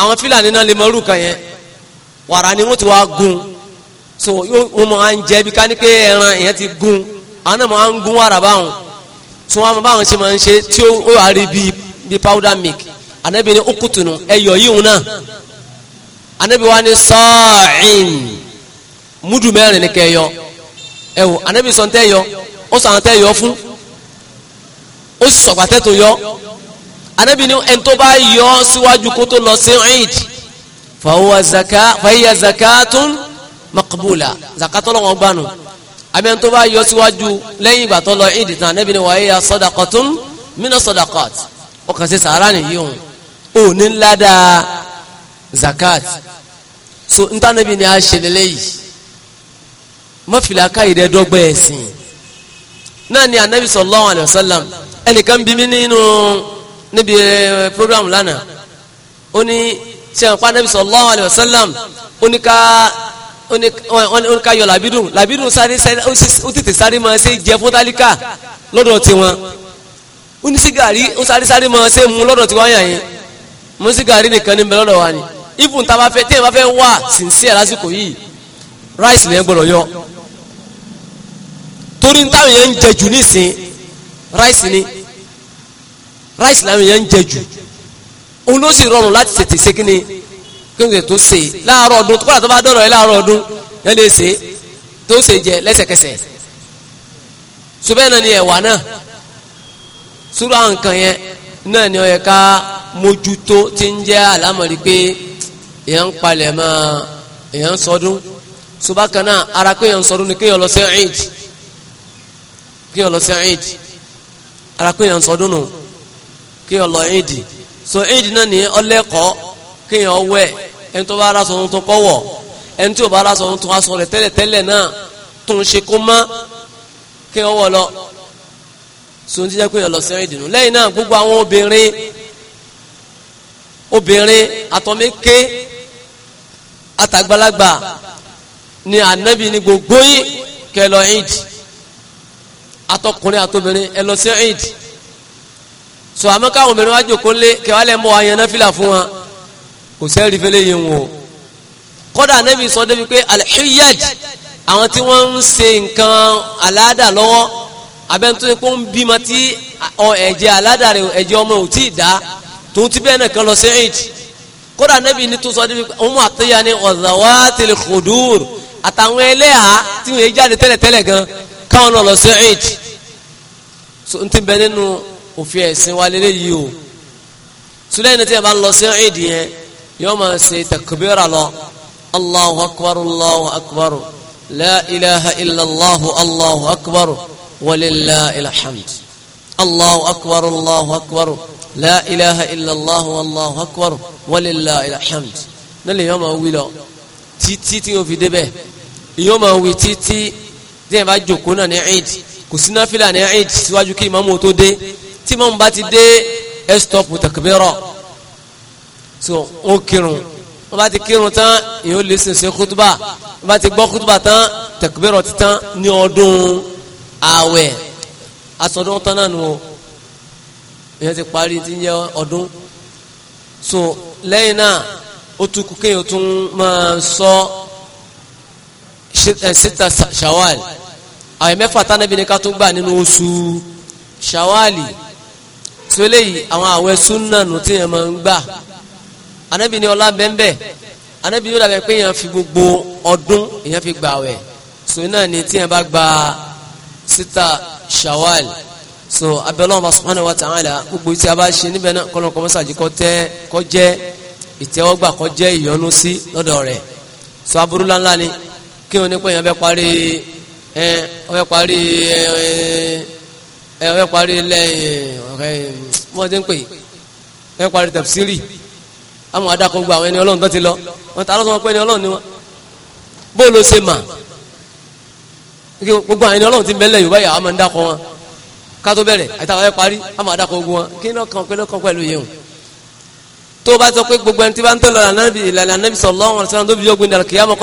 àwọn fílàní náà lè mọ orúkọ yẹn wàrà ni wọ́n ti wá gún so wọ́n máa ń jẹ́ bí ká ní pé ẹran yẹn ti gún àwọn náà máa ń gún wàrà báwọn tí wọn bá wọn ṣe máa ń ṣe tí ó wà rí bíi bíi powder milk anabi ni okutunu ẹyọ yíwọn náà anabi wa ni sọ́ọ̀ìn múdù mẹ́rin ni kẹyọ ẹwọ anabi sọ ntẹ yọ ó sọ àwọn tẹ yọ fún ó sì sọgbà tẹ tó yọ anabi ni ẹni tó bá yọ síwájú kó tó lọ sí eid fàwọn zaka fàyà zakatun makbula zakatọlọ wọn gbanu àmì ẹni tó bá yọ síwájú lẹ́yìn ìgbà tó lọ ìdì tán Ànábì ní wàá yà sadaqatun mina sadaqat ọkàn sí sàárà nìyí òun ò ní ládà zakat so ntànẹ́bí ni a ṣe lélẹ́yìí mọ́fìlà káyìí rẹ̀ dọ́gba ẹ̀sìn náà ni anabi sallallahu alayhi wa sallam ẹnìkan bí mi nínú níbi program lánàá ó ní sẹ́wọ̀n pa anabi sallallahu alayhi wa sallam ó ní ká oníkayọ̀ làbídùn làbídùn sáré ó tètè sáré máa ṣe jẹ fún tálíkà lọ́dọ̀ tiwọn ó ní sígàrí ó sáré sáré máa ṣe mu lọ́dọ̀ tiwọn yàn yẹn mo sígàrí nìkan níbẹ̀ lọ́dọ̀ wa ni ifun tá a bá fẹ́ tí ẹ bá fẹ́ wà sincere lásìkò yìí rice lẹ́yìn gbọ́dọ̀ yọ torí táwọn yẹn ń jẹ jù nísìn rice ni rice làwọn yẹn ń jẹ jù òun ló sì rọrùn láti tètè ṣe kí ni kéwòn tó ṣe láàárọ̀ ọdún kódà tó bá dọ̀rọ̀ ẹ láàárọ̀ ọdún yẹn lè ṣe tó ṣe jẹ lẹ́sẹ̀kẹsẹ̀ ṣùgbọ́n náà ni ẹ̀wà náà sùúrù àwọn nǹkan yẹn náà ni ó yẹ ká mójútó tí ń jẹ́ àlámọ̀rí pé èèyàn ń palẹ̀ mọ́ èèyàn ń sọdún ṣùgbọ́n náà ara pé èèyàn ń sọdún ni kéèyàn lọ sí Eid kéèyàn lọ sí Eid ara pé èèyàn ń sọdún nù kéèyàn lọ Eid so Eid náà ni ọlẹ́kọ̀ọ́ kéèyàn wẹ̀ ẹni tó bá aṣọ tuntun kó wọ̀ ẹni tí ò bá aṣọ tuntun aṣọ rẹ̀ tẹ́lẹ̀ tẹ́lẹ̀ náà tó ń ṣe kó mọ́ kéèyàn wọ̀ lọ so ń jíjẹ́ kéèyàn lọ sí ìdùnnú lẹ́yìn náà gbogbo àwọn obìnrin obìnrin àtọ́mẹ́ké àtàgbàlagbà ni ànábì ni gbogbo yìí kẹ́ lọ Eid atọkùnrin àtobìnrin ẹ lọ sí Eid so àmọ́ káwọn obìnrin wá jòkó lé kẹwàá lẹ́ mọ́ wa fún wa kò sẹ́rí fẹ́lẹ́ yẹn wọn o kódà anábì sọ débi pé alhiyaj àwọn tí wọ́n ń ṣe nǹkan aláàdà lọ́wọ́ abẹ́ntó epo ń bímọ tí ẹ̀jẹ̀ aláàdà rẹ̀ ẹ̀jẹ̀ ọmọ ò tí ì dá tòun ti bẹ́ẹ̀ nìkan lọ sí eid kódà anábì ní tó sọ débi pé ọmọ àtẹ́yà ni ọ̀zàwátìlì kòdúr àtàwọn ẹlẹ́yà tí wọ́n jáde tẹ́lẹ̀tẹ́lẹ̀ gan káwọn lọ sí eid n ti bẹ nínú òfin ẹ̀sìn wa lélẹ́yìí o sùlẹ́yìn tí a bá lọ sí eid yẹn yóò máa ṣe takbira lọ allahu akbar allahu akbar la ilaha illallah allahu akbar walillahi alhamd allahu akbar allahu akbar la ilaha illallah allahu akbar walillahi alhamd nílẹ̀ yóò máa wí lọ títí tí yóò fi débẹ̀ yóò máa wí títí tí yẹn bá jòkó náà ní eid kò sí náfìlà ní eid síwájú kí ìmáàmù tó dé tí ìmáàmù bá ti dé ẹ stop takbira so wọ́n kírun wọ́n bá ti kírun tán èèyàn lè sìn sí kútúbà wọ́n bá ti gbọ́ kútúbà tán tẹ̀kúbẹ̀rọ̀ ti tán ní ọdún ààwẹ̀ asọdún tán náà nù o èèyàn ti parí ti ń yẹ ọdún so lẹ́yìn náà ó tún kú kéèyàn tún máa sọ eh, sita shawal àwọn mẹ́fà tánàbí ni ká tún gbà nínú oṣù shawali tí ó léyìí àwọn àwẹ̀ súnà nù tí èèyàn máa ń gbà anabi ní ọlá bẹ́ńbẹ́ anabi yóò dàbẹ̀ pé èèyàn fi gbogbo ọdún èèyàn fi gbà wẹ̀ so náà ni tí èèyàn bá gba sita shawal so abẹ́lẹ́ ọba subhanahu wa ta'ala gbogbo tí a bá ṣe níbẹ̀ náà kọ́nà kọ́mọ́sàjì kọ́ tẹ́ kọ́ ìtẹ́wọ́gbà kọ́ ìyọnu sí lọ́dọ̀ rẹ̀ so aburú ńláńlá ni kí wọn ní pé èèyàn fẹ́ parí ẹ ọfẹ́ parí ẹ ẹ ọfẹ́ parí lẹ́yìn ọ̀rẹ́ mọ́tí ń pè ẹ parí tafsiri àmọ́ adakọ̀ gba àwọn ẹni ọlọ́run tó ti lọ wọn ta lọ́sọ̀ wọn pé ẹni ọlọ́run ni wọn bó ló ṣe mà gbogbo àwọn ẹni ọlọ́run ti mẹ́lẹ̀ yorùbá yà á máa ń dakọ̀ wọn ká tó bẹ̀rẹ̀ àtàwọn ẹ parí àmọ́ adakọ̀ gbogbo wọn kí ní ọkàn pẹ̀lú ọkàn pẹ̀lú yẹn o tó o bá sọ pé gbogbo ẹni tí bá ń tọ́ ìlànà nàbì sallallahu alaihi wasallam tó fi yọgbìn dàrú kìyàmọ́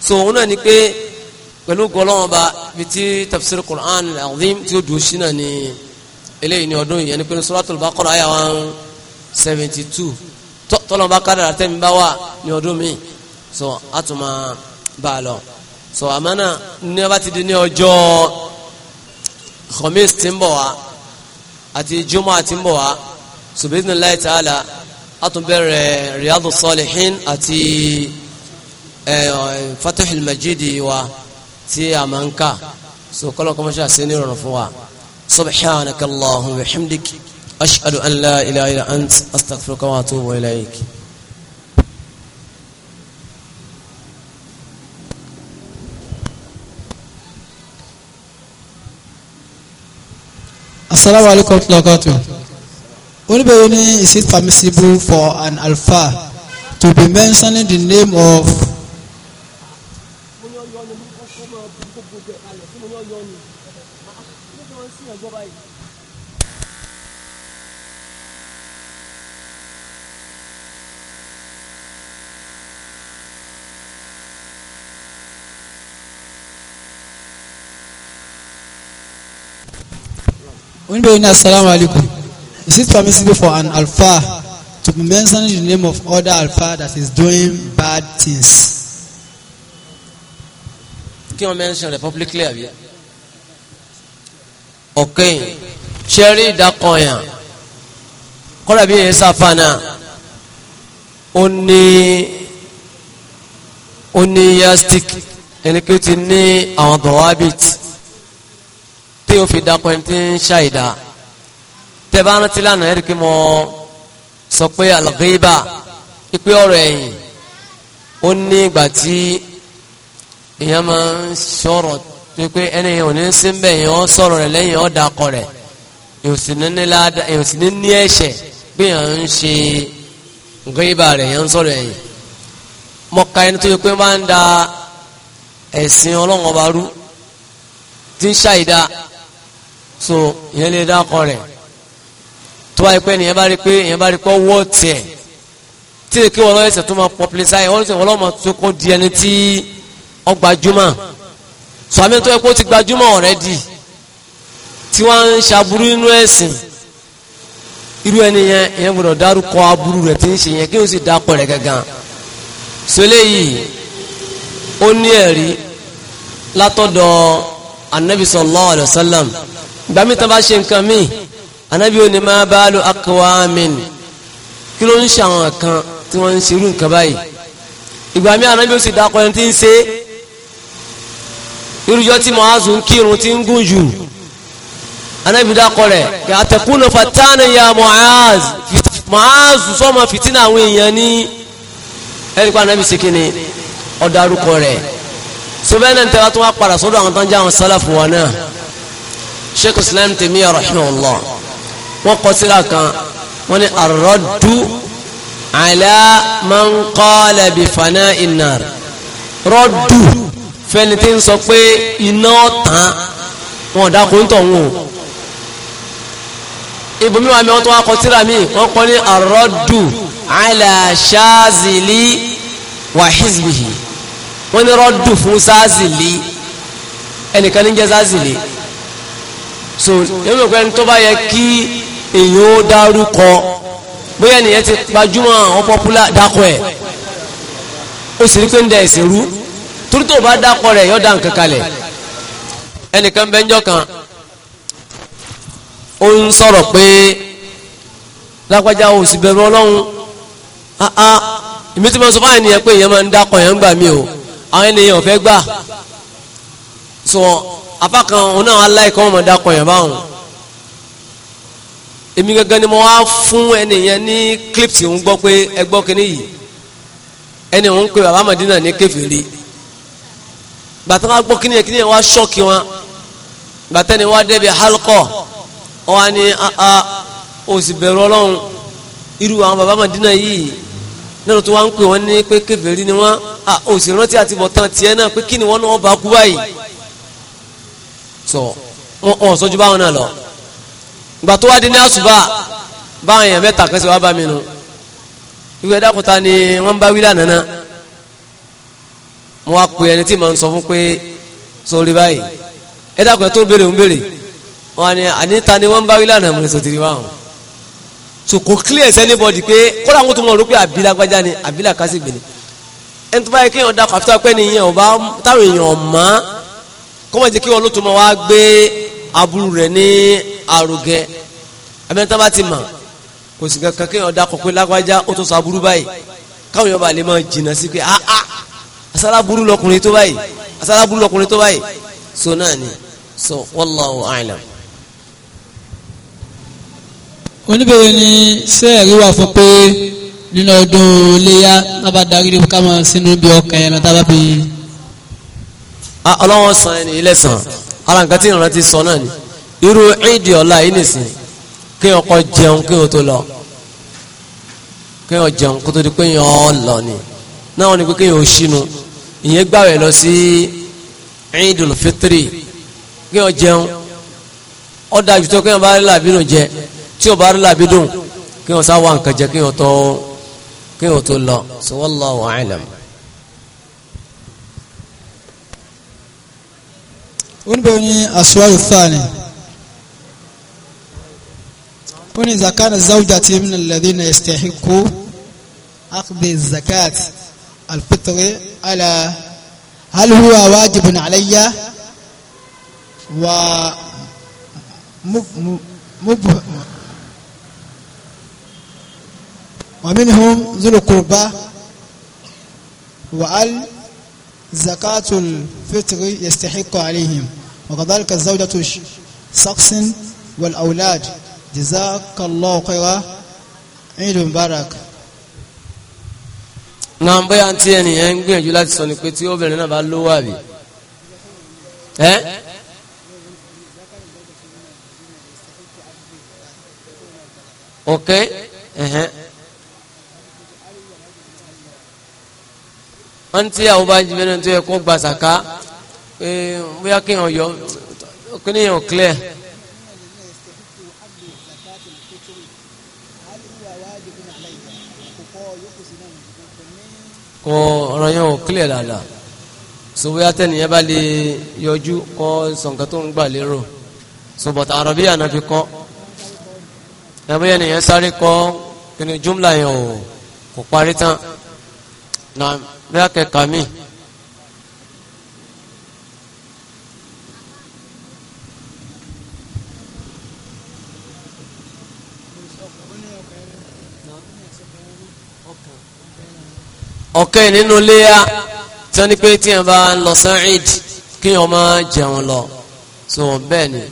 so òun náà ni pé pẹ̀lú ba bíi tafsir Qur'an al-azim tí ó dùn eléyìí ní ọdún yìí ẹni pé suratul baqara àyà one seventy two tọ́lọ́n bá kádàrà tẹ́mi bá wà ní ọdún mi so a tún máa bá a lọ so àmánà ní ọba ti di ní ọjọ́ khamis ti ń bọ̀ wá àti juma ti ń bọ̀ wá so bismillahi ta'ala a tún bẹ̀rẹ̀ riyadu salihin àti fatahil majidi wa tí a ń kà so kọ́lọ́ kọ́mọ́ṣà sí ní ìrọ̀rùn fún wa. سبحانك اللهم وبحمدك أشهد أن لا إله إلا أنت أستغفرك وأتوب إليك السلام عليكم warahmatullahi الله وبركاته. ni is it permissible for an alpha to be mentioning the name of máa gbọ́ báyìí. Oníbẹ̀rẹ̀ ní asalaamu alaykum. Is it permissible for an alfa to be mentioning the name of other alfa that is doing bad things? Kí wọ́n mention rẹ̀ publicly àbí? ọ̀kẹ́yìn ṣẹ́rí ìdákọ̀yàn kọ́lá bí yẹn sáfànà ó ní ó ní yastik ẹni pé ó ti ní àwọn dọ̀wábìt tí ó fi dákọ̀ ẹni tí ń mo sọ pé àlọ́gẹ́bà ipe ọ̀rọ̀ ẹ̀yìn ó ní ìgbà tí èèyàn máa tó pé ẹni yẹn ò ní sí ń bẹ̀ yẹn ó sọ̀rọ̀ rẹ̀ lẹ́yìn ó dakọ̀ rẹ̀ yóò sì ní ní ẹ̀ṣẹ̀ pé yẹn ń ṣe nǹkan ibà rẹ̀ yẹn ń sọ̀rọ̀ ẹ̀yìn mọ̀ká ẹni tó yẹ pé máa ń da ẹ̀sìn ọlọ́run ọba rú tí ń ṣàìdá so ìyẹn lè dakọ̀ rẹ̀ tó wáyé pé ìyẹn bá rí pé ìyẹn bá rí pé ọwọ́ tiẹ̀ tí èké wọ́n lọ́wọ́ ẹ̀sẹ̀ tó máa pọ̀pìlì sáyẹ̀ wọ́n lọ́wọ́ tó kó di ẹni tí ọgbà jùmọ̀ sọmi tó yẹ kó ti gbajúmọ̀ already tí wọ́n ń ṣaburú inú ẹ̀sìn irú ẹni yẹn yẹn gbọ́dọ̀ dárúkọ aburú rẹ̀ tí ń ṣe yẹn kí n sì dápọ̀ rẹ̀ gangan sọlẹ̀ yìí ó ní ẹ̀rí látọ̀dọ̀ anabi sallallahu alayhi wa sallam gbàmí tán bá ṣe nǹkan míì anabi ò ní ma balu aqwamin kí ló ń ṣe àwọn kan tí wọ́n ń ṣerú nǹkan báyìí ìgbà míì anabi ó sì dákọ ẹni tí ń ṣe é irújọ́ tí mọ̀háṣù ń kírun ti ń gùn jù anábì dákọ rẹ̀ àtẹ̀kùnà fatana ya mọ̀háṣù mọ̀háṣù sọ́mọ fìtínà àwọn èèyàn ní ẹ̀ríkọ́ anábì ṣe kí ni ọ̀dọ̀ arúkọ rẹ̀ sọ́bẹ́nà ń tẹ́wá tó wá padà sọ́dọ̀ àwọn tó ń jẹ́ àwọn sálàfù wọn náà sheikh islam tèmíyà rahimahullah wọ́n kọ síra kan wọ́n ní arọ́dú ala man qala fana inar rọ́dú fẹ́ni tí ń sọ pé iná ọ̀tàn wọn ọ̀dà kò ń tọ̀ wọn o ibùmí wa mi wọ́n tó wá kọ tíra mi wọ́n kọ́ ní arọ́dù ala ṣáàzìlì wà hizbihi wọ́n ní rọ́dù fún ṣáàzìlì ẹnìkan ní jẹ́ ṣáàzìlì so yẹ́n mọ̀ tó bá yẹ kí èyí ó dárúkọ bóyá nìyẹn ti gbajúmọ̀ wọn pọ́pùlà dákọ̀ ẹ̀ ó sì rí pé ń da ẹ̀sìn rú. Turuto tó bá dákọ rẹ̀ yọ́ dá nǹkan kalẹ̀ ẹnìkan bẹ́ńjọ́ kan ó ń sọ̀rọ̀ pé lágbájá ò sì bẹ̀rù ọlọ́run áá ah, ah. èmi tí mo sọ fáwọn ènìyàn pé èèyàn máa ń dákọ̀ yẹn ń gbà mí o àwọn ènìyàn ò fẹ́ gbà sọ apá kan òun náà aláìkọ́ wọn máa dákọ̀ yẹn báwọn èmi gangan ni mo wá fún ẹnìyẹn ní clip ń gbọ́ pé ẹ gbọ́ kínní yìí ẹni òun pe bàbá Màdínà ní kèfèrí gbàtà wọn gbọ́ kíni yẹn kíni yẹn wá ṣọ́ọ̀kì wọn gbàtà ni wọn dẹ́bi halkọ wọn ni a ah, òsì ah, bẹ̀rù ọlọ́run irú àwọn baba Madina yìí nínú tó wá ń pè wọn ní pé kèfèrí ni wọn a ah, òsì rántí àti bọ̀tán tiẹ̀ náà pé kíni wọn náà bá kú báyìí tọ wọn ọ̀ sọ́jú báwọn náà lọ gbàtà wọn di ní àṣùbà báwọn èèyàn mẹ́ta kẹsì wá bá mi nù ìwé ẹ̀dá ni wọ́n bá wí lánàá náà mo wá pe ẹni tí màá sọ fún pé sórí báyìí ẹ dàgbà tó ń béèrè ń béèrè wọn ni àníta ni wọn ń bá wí lánàá mo lè sọ tìrì báwọn so kò clear sí anybody pé kódà wọn tó mọ̀ ọ́ rò pé àbílà gbájá ni àbílà kásìgbè ni ẹni tó bá yẹ kéèyàn dákọ̀ àfi tó pẹ́ nìyẹn ọba táwọn èèyàn mọ́ kọ́mọ̀ jẹ́ kí wọn ló tó mọ̀ wá gbé aburú rẹ̀ ní àrògẹ́ abẹ́ni bá ti mọ̀ kò sì kankan kéèyàn dákọ̀ pé lágbájá ó tó sọ aburú báyìí káwọn èèyàn bá lè máa jìnnà sí pé áá asálábúrú lọkùnrin tó báyìí asálábúrú lọkùnrin tó báyìí so náà ni so wallahu a'lam. oníbèrè ni sẹ́ẹ̀rí wà fún pé nínú ọdún iléyà tábà darí ni ká máa sínú bí ọkàn ẹran tábà bí. ọlọ́wọ́n san ẹni ilé san ara nǹkan tí ìrántí sọ náà ni irú ìdí ọ̀la yìí nìsín kí ọkọ jẹun kí o tó lọ kí o jẹun kó di pé yẹn ọ lọ ni náà wọn ni pé kí yẹn o ṣínú ìyẹn gbàwẹ̀ lọ sí Eidul Fitri kí wọ́n jẹun ó dájú tó kí wọ́n bá rí làbínú jẹ tí wọ́n bá rí làbínú kí wọ́n sá wà nǹkan jẹ kí wọ́n tó kí wọ́n tó lọ so wallahu a'lam. oníbẹ̀rẹ̀ ní àṣùwárò fáàní ó ní zakana zawjati min alladhina yastahiqu akhdhi zakat. الفطر على هل هو واجب علي و مب ومنهم ذو القربى وال زكاة الفطر يستحق عليهم وكذلك الزوجة شخص والأولاد جزاك الله خيرا عيد مبارك na bóyá tí ẹnìyẹn ń gbìyànjú láti sọ ni pé tí obìnrin náà bá lówó àbí ẹ ok wọ́n tí àwọn bá jìbẹ́ náà tó yẹ kó gbàsàká pé bóyá kéèyàn yọ kéèyàn clear. ọ̀rọ̀ yẹn ò clear dáadáa so bóyá tẹ́nìyẹn bá lè yọjú kọ́ sọ̀nkẹ́ tó ń gbà lérò so bọ̀tà àrọ̀bí ànáfi kọ́ ẹ̀bí ẹnìyẹn sáré kọ́ kíni jumla yẹn ò kò parí tán na bóyá kẹka mi ọ̀kẹ́ nínú léyà tí wọ́n ní pé tí wọ́n bá ń lọ sán Eid kí wọ́n máa jẹun lọ so bẹ́ẹ̀ ni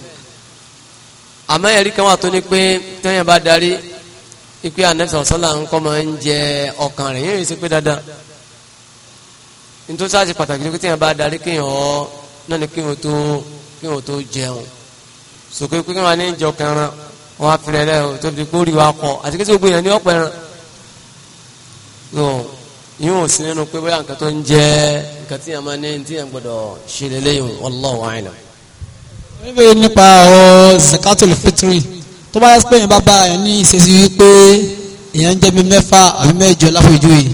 àmọ́ ẹ̀rí kan wà tó ní pé tí wọ́n bá darí ipe anẹ́fẹ̀ sọ́là ń kọ́ máa ń jẹ ọkàn rẹ̀ yín èsì pé dandan nítorí sáà ṣe pàtàkì tó tí wọ́n bá darí kí wọ́n náà ni kí wọ́n tó kí wọ́n tó jẹun sòkè pé kí wọ́n ní jọ kẹran wọ́n á fi wa kọ́ àti kí tí gbogbo yẹn ní yíò sí nínú pé bóyá nǹkan tó ń jẹ́ nǹkan tí yàn máa ní tí yàn gbọ́dọ̀ ṣe lélẹ́yìn wallahu a'lam. oníbẹ̀rẹ̀ nípa ọ̀rọ̀ zakatul fitri tó bá yẹ pé yẹn bá bá yẹn ní ìṣesí wípé èèyàn ń jẹ́ bí mẹ́fà àbí mẹ́jọ láfojú yìí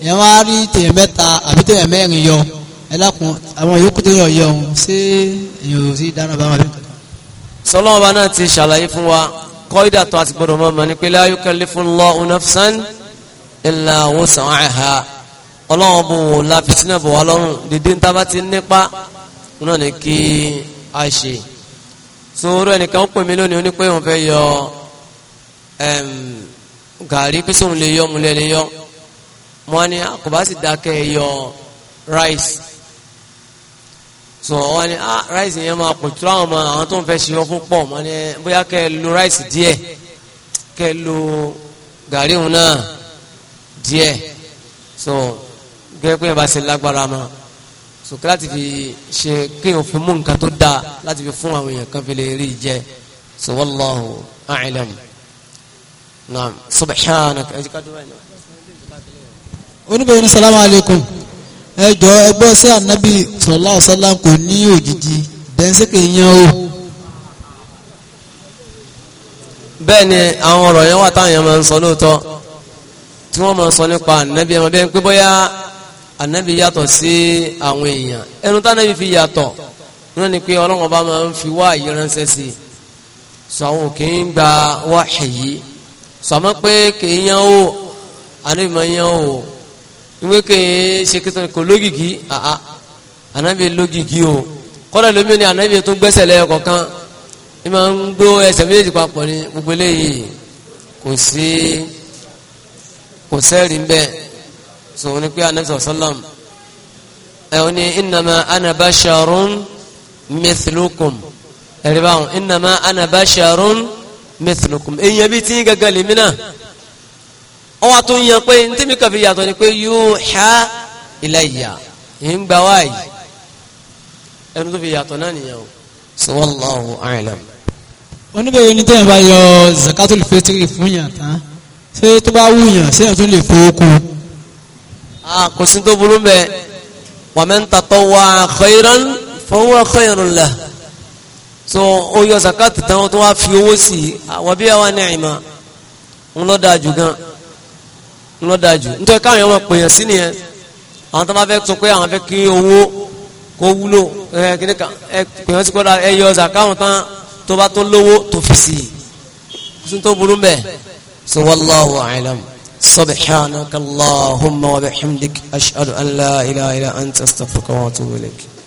èèyàn wá rí tèèyàn mẹ́ta àbí tèèyàn mẹ́rin yọ ẹ lákun àwọn yòókù tó yàn yọ ọ̀hún ṣé èèyàn ò sí dáná bá wọn. sọlọ́wọ́n bá náà ti ṣàlàyé fún wa kọ́ ìdàtọ̀ àti gbọ́dọ̀ mọ́ illa wus'aha ọlọ́wọ́n bò wò la fìtínà bò wá lọ́rùn dédé ń tábà ti nípa náà ni kí a ṣe sòwòrò ẹnìkan ó pè mí lónìí ó ní pé òun fẹ́ yọ gàrí pé sóun lè yọ òun lè lè yọ wọn ni ah, kò sì dákẹ́ yọ rice so wọn ni ah rice yẹn máa pọ̀ tura àwọn àwọn tó ń fẹ́ ṣe yọ pọ̀ wọn ni bóyá kẹ́ ẹ lo rice díẹ̀ kẹ́ ẹ lo gàrí òun náà díẹ̀ so gẹ́gẹ́ pé ìbá ṣe lágbára mọ́ so kí láti fi ṣe kí n fi mú nǹkan tó dáa láti fi fún àwọn èèyàn kan fi lè rí jẹ so wallahu a'lam naam subhanaka ẹ ti ká dúró ẹ̀ náà. oníbẹ̀rẹ̀ ní salamu alaykum ẹ jọ ẹ gbọ́ sí anabi sallallahu alaihi wasallam kò ní òjijì dẹ́nsẹ́kẹ̀ yẹn o. bẹ́ẹ̀ ni àwọn ọ̀rọ̀ yẹn wà táwọn yẹn máa ń sọ lóòótọ́ tí wọ́n máa sọ nípa ànábì ẹ̀mọ́ bẹ́ẹ̀ pé bóyá ànábì yàtọ̀ sí àwọn èèyàn ẹnu tánábì fi yàtọ̀ náà ni pé ọlọ́run bá máa ń fi wá àyè ránṣẹ́ sí i sọ àwọn òkè ń gba wáhì yìí sọ àmọ́ pé kì í yan o ànábì máa yan o ìwé kì í ṣe kí kò lógìkì àá ànábì lógìkì o kọ́lá lómi ni ànábì tó gbẹ́sẹ̀ lẹ́yọ kọ̀ọ̀kan ìmọ̀ ń gbó ẹsẹ̀ méjèèjì papọ̀ ní gbogbo eléyìí kò sí kò sẹ́ẹ̀rì ń bẹ́ẹ̀ sòwò ni pé anabi sọ̀sọ́lọ́m ẹ̀ ọ́ ní innama ana basharun mithlukum ẹ̀rí báwọn innama ana basharun mithlukum èèyàn bíi tí ń gẹ́gẹ́ lèmi náà wọ́n wá tó ń yan pé ntẹ́mi kàfi yàtọ̀ ni pé yuha ilayya ń gbà wáyé ẹni tó fi yàtọ̀ náà nìyẹn o. wallahu a'lam. oníbẹ̀rẹ̀ ni tẹ́yìn bá yọ zakatul fitri fún yàn ṣé tó bá wùyàn ṣé èèyàn tún lè fowó kún. kò sí tó burú bẹ́ẹ̀ wa man tatawwa'a khayran fahuwa khayrun lahu so ó yọ zakati tán tó wá fi owó sí i àwọn bí wàá ní àyìnbá ń lọ dáa jù gan ń lọ dáa jù nítorí káwọn èèyàn máa pèèyàn sí nìyẹn àwọn tó bá fẹ́ tún pé àwọn fẹ́ kí owó kó wúlò ẹ kí ni ká ẹ pèèyàn sí kọ́ra ẹ yọ zakati tán tó bá tó lówó tó fi sí i sí tó burú bẹ́ẹ̀. سوى الله أعلم سبحانك اللهم وبحمدك أشهد أن لا إله إلا أنت أستغفرك وأتوب إليك